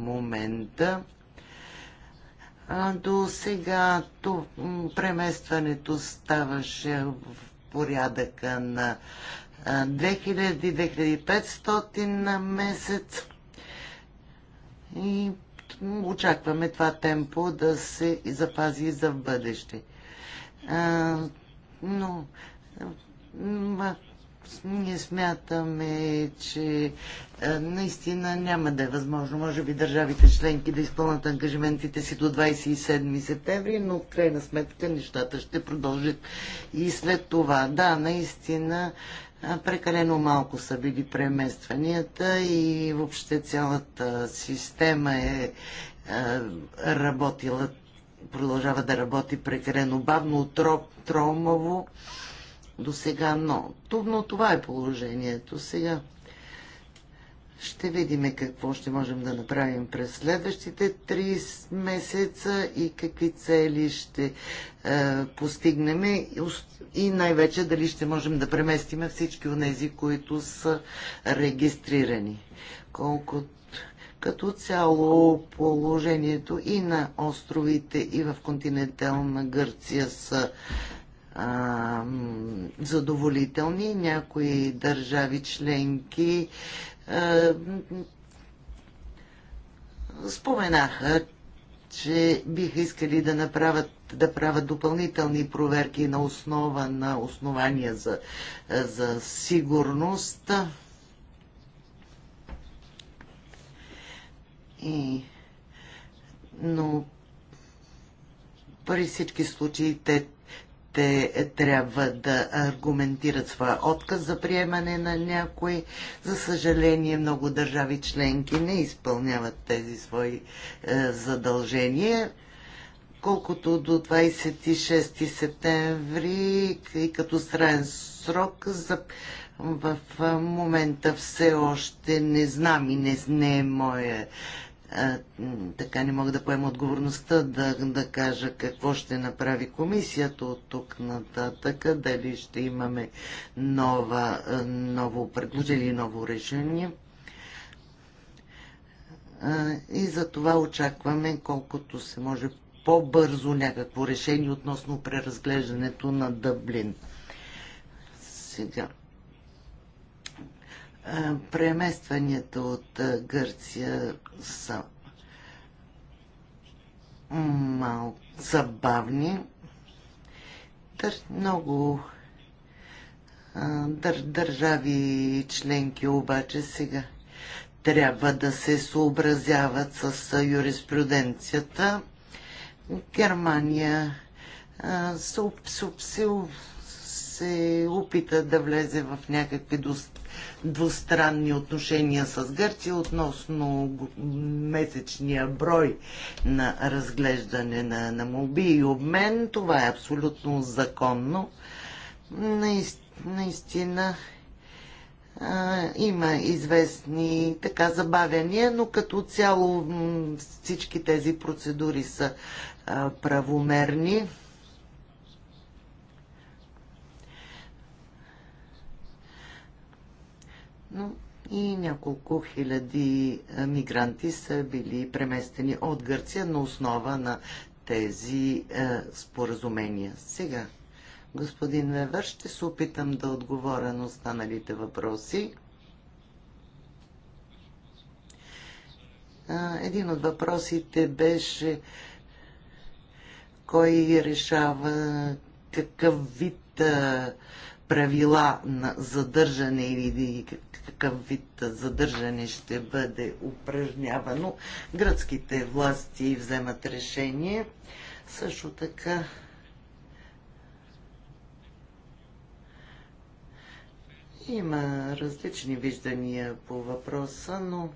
[SPEAKER 1] момента. До сега преместването ставаше в порядъка на 2000-2500 на месец и очакваме това темпо да се запази за в бъдеще. А, но ние смятаме, че наистина няма да е възможно, може би, държавите членки да изпълнат ангажиментите си до 27 септември, но в крайна сметка нещата ще продължат и след това. Да, наистина Прекалено малко са били преместванията и въобще цялата система е работила, продължава да работи прекалено бавно, троп, тромаво до сега, но, но това е положението сега. Ще видим какво ще можем да направим през следващите 3 месеца и какви цели ще е, постигнем и най-вече дали ще можем да преместим всички от тези, които са регистрирани. Колко като цяло положението и на островите, и в континентална Гърция са задоволителни. Някои държави членки е, споменаха, че биха искали да направят да правят допълнителни проверки на основа на основания за, за сигурност. И, но при всички случаи те те трябва да аргументират своя отказ за приемане на някои. За съжаление, много държави членки не изпълняват тези свои е, задължения. Колкото до 26 септември и като страен срок за в момента все още не знам и не, не е моя така не мога да поема отговорността да, да кажа какво ще направи комисията от тук нататък, дали ще имаме нова, ново предложение или ново решение. и за това очакваме колкото се може по-бързо някакво решение относно преразглеждането на Дъблин. Сега преместванията от Гърция са малко забавни, Дър, много дър, държави членки обаче сега трябва да се съобразяват с юриспруденцията. Германия се, се, се опита да влезе в някакви достатъчни двустранни отношения с Гърция относно месечния брой на разглеждане на, на молби и обмен. Това е абсолютно законно. Наистина, наистина има известни така забавяния, но като цяло всички тези процедури са правомерни. обратно и няколко хиляди е, мигранти са били преместени от Гърция на основа на тези е, споразумения. Сега, господин Левър, ще се опитам да отговоря на останалите въпроси. Е, един от въпросите беше кой решава какъв вид е, правила на задържане или какъв вид задържане ще бъде упражнявано. Гръцките власти вземат решение. Също така има различни виждания по въпроса, но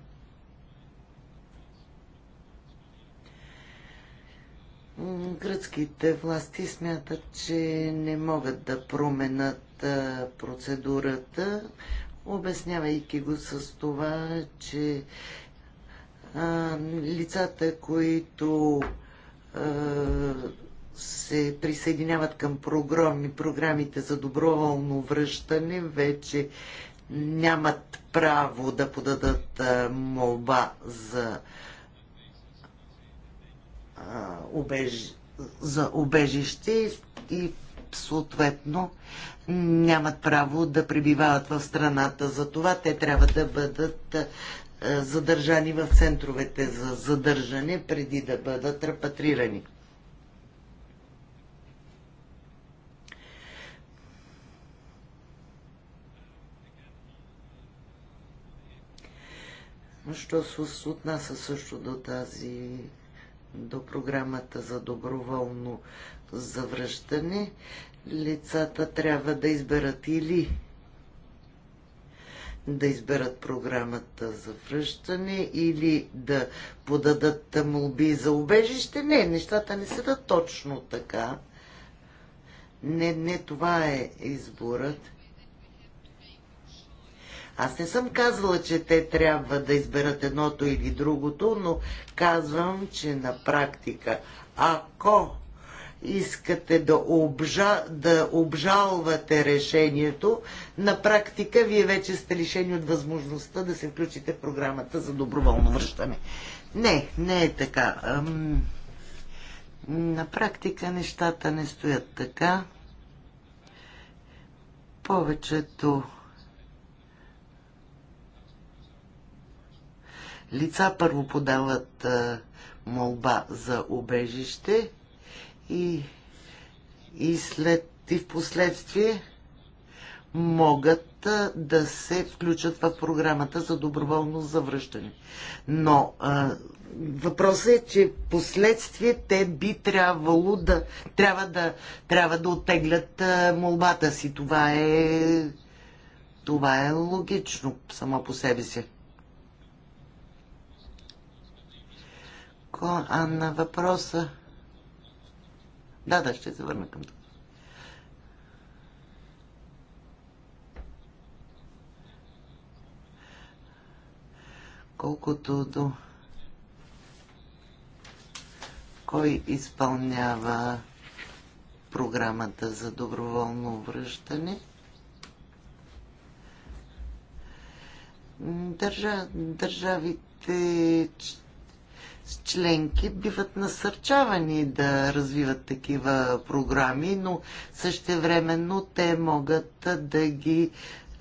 [SPEAKER 1] Гръцките власти смятат, че не могат да променят процедурата обяснявайки го с това, че а, лицата, които а, се присъединяват към програми, програмите за доброволно връщане, вече нямат право да подадат молба за а, убеж... за убежище и съответно нямат право да пребивават в страната. За това те трябва да бъдат е, задържани в центровете за задържане преди да бъдат репатрирани. Що се отнася също до тази до програмата за доброволно завръщане, лицата трябва да изберат или да изберат програмата за връщане или да подадат молби за убежище. Не, нещата не са да точно така. Не, не това е изборът. Аз не съм казала, че те трябва да изберат едното или другото, но казвам, че на практика, ако искате да, обжа, да обжалвате решението, на практика вие вече сте лишени от възможността да се включите в програмата за доброволно връщане. Не, не е така. Ам, на практика нещата не стоят така. Повечето лица първо подават молба за убежище и, и след и в последствие могат да се включат в програмата за доброволно завръщане. Но а, въпросът е, че в последствие те би трябвало да трябва да, трябва да оттеглят а, молбата си. Това е това е логично само по себе си. А на въпроса да, да, ще се върна към това. Колкото до кой изпълнява програмата за доброволно връщане, Държа, държавите членки биват насърчавани да развиват такива програми, но същевременно те могат да ги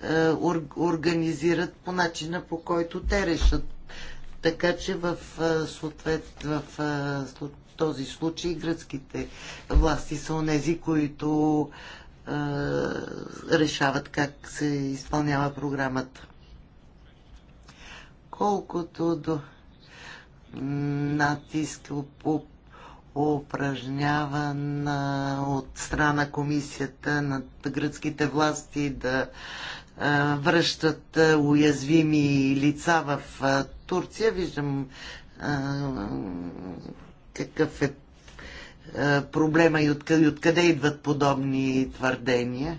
[SPEAKER 1] е, организират по начина по който те решат. Така че в, е, съответ, в е, този случай гръцките власти са онези, които е, решават как се изпълнява програмата. Колкото до натиск упражняван от страна комисията на гръцките власти да връщат уязвими лица в Турция. Виждам какъв е проблема и откъде идват подобни твърдения.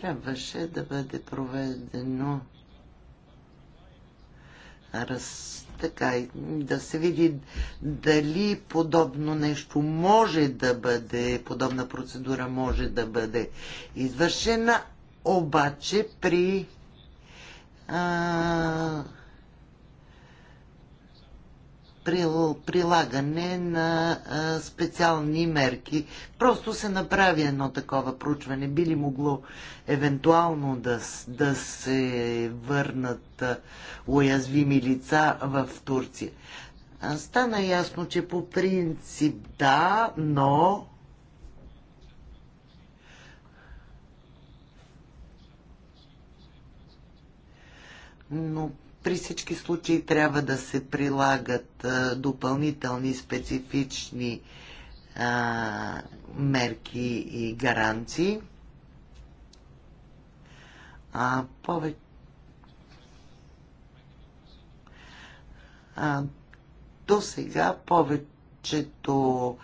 [SPEAKER 1] трябваше да бъде проведено раз, така, да се види дали подобно нещо може да бъде, подобна процедура може да бъде извършена, обаче при а, прилагане на специални мерки. Просто се направи едно такова проучване. Би ли могло евентуално да, да се върнат уязвими лица в Турция? Стана ясно, че по принцип да, но но при всички случаи трябва да се прилагат допълнителни специфични а, мерки и гаранции. А повече. А, до сега повечето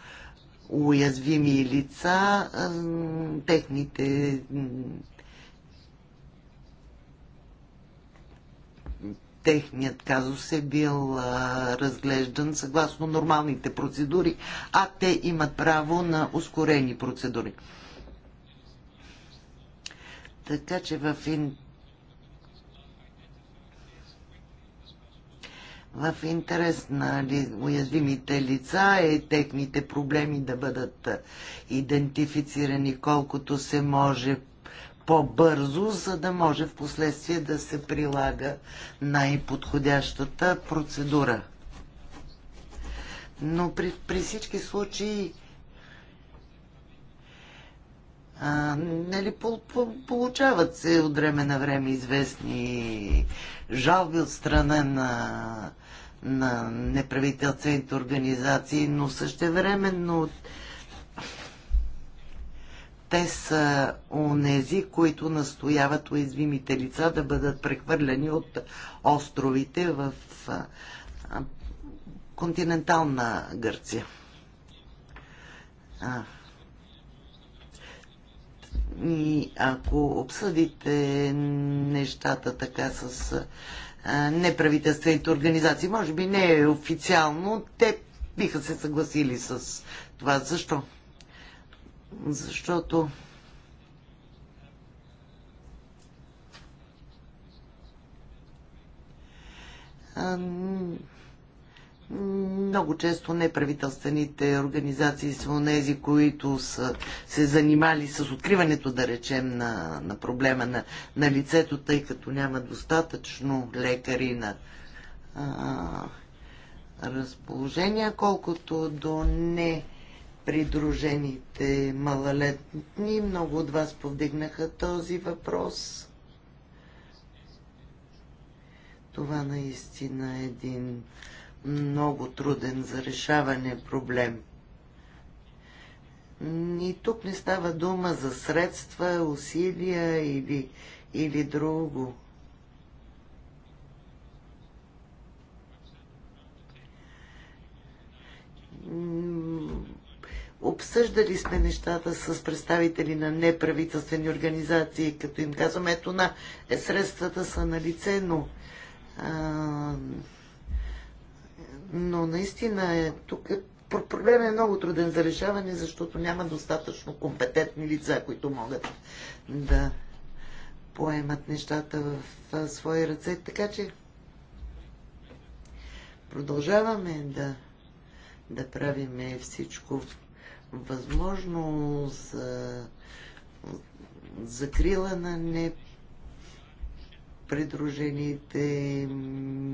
[SPEAKER 1] уязвими лица, а, техните техният казус е бил а, разглеждан съгласно нормалните процедури, а те имат право на ускорени процедури. Така че в, ин... в интерес на ли... уязвимите лица е техните проблеми да бъдат идентифицирани колкото се може по-бързо, за да може в последствие да се прилага най-подходящата процедура. Но при, при всички случаи а, нали, по, по, получават се от време на време известни жалби от страна на, на неправителствените организации, но същевременно те са онези, които настояват уязвимите лица да бъдат прехвърляни от островите в континентална Гърция. И ако обсъдите нещата така с неправителствените организации, може би не е официално, те биха се съгласили с това. Защо? защото много често неправителствените организации са онези, които са се занимали с откриването, да речем, на, на проблема на, на лицето, тъй като няма достатъчно лекари на а, разположение, колкото до не придружените малолетни. Много от вас повдигнаха този въпрос. Това наистина е един много труден за решаване проблем. И тук не става дума за средства, усилия или, или друго. Обсъждали сме нещата с представители на неправителствени организации, като им казваме, ето на е, средствата са на лице, но, а, но наистина е, тук е, проблемът е много труден за решаване, защото няма достатъчно компетентни лица, които могат да поемат нещата в, в свои ръце. Така че продължаваме да, да правиме всичко възможно за закрила на непридружените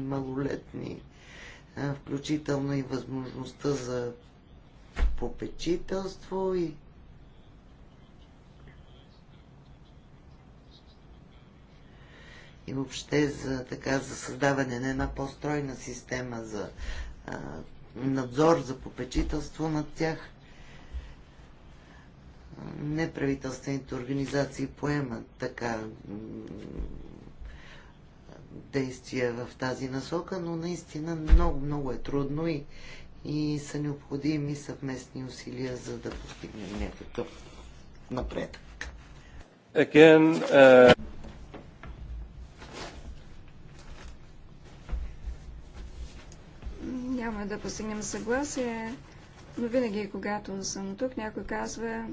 [SPEAKER 1] малолетни, включително и възможността за попечителство и и въобще за, така, за създаване на една по-стройна система за а, надзор, за попечителство над тях неправителствените организации поемат така действия в тази насока, но наистина много, много е трудно и, и са необходими съвместни усилия, за да постигнем някакъв напредък.
[SPEAKER 3] Again, uh... Няма да постигнем съгласие, но винаги, когато съм тук, някой казва,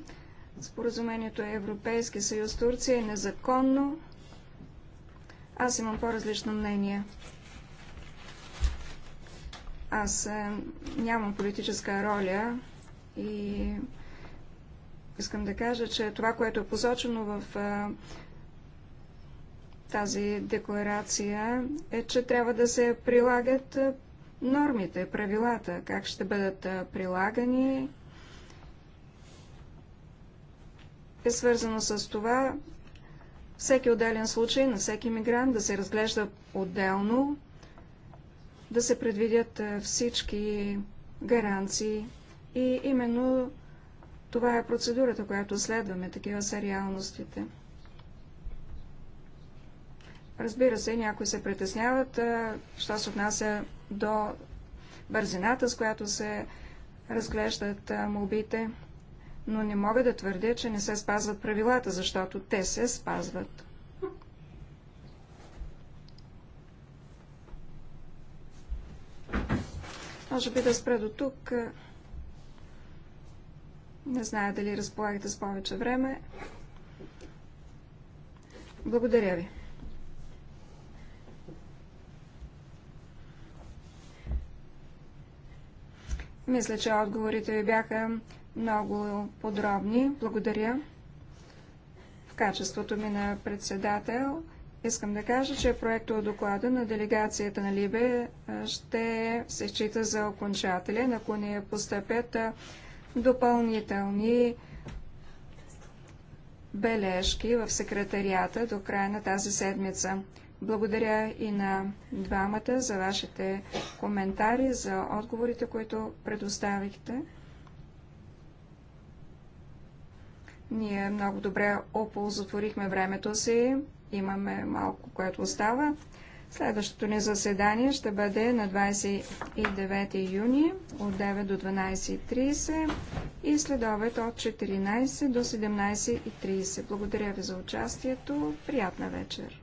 [SPEAKER 3] Споразумението е Европейски съюз Турция е незаконно. Аз имам по-различно мнение. Аз е, нямам политическа роля и искам да кажа, че това, което е посочено в е, тази декларация е, че трябва да се прилагат е, нормите, правилата, как ще бъдат прилагани, е свързано с това всеки отделен случай на всеки мигрант да се разглежда отделно, да се предвидят е, всички гаранции и именно това е процедурата, която следваме. Такива са реалностите. Разбира се, някои се притесняват, е, що се отнася до бързината, с която се разглеждат е, молбите но не мога да твърдя, че не се спазват правилата, защото те се спазват. Може би да спра до тук. Не зная дали разполагате с повече време. Благодаря ви. Мисля, че отговорите ви бяха много подробни. Благодаря. В качеството ми на председател искам да кажа, че от доклада на делегацията на Либе ще се счита за окончателен, ако не постъпят допълнителни бележки в секретарията до края на тази седмица. Благодаря и на двамата за вашите коментари, за отговорите, които предоставихте. Ние много добре оползотворихме времето си. Имаме малко, което остава. Следващото ни заседание ще бъде на 29 юни от 9 до 12.30 и следовето от 14 до 17.30. Благодаря ви за участието. Приятна вечер!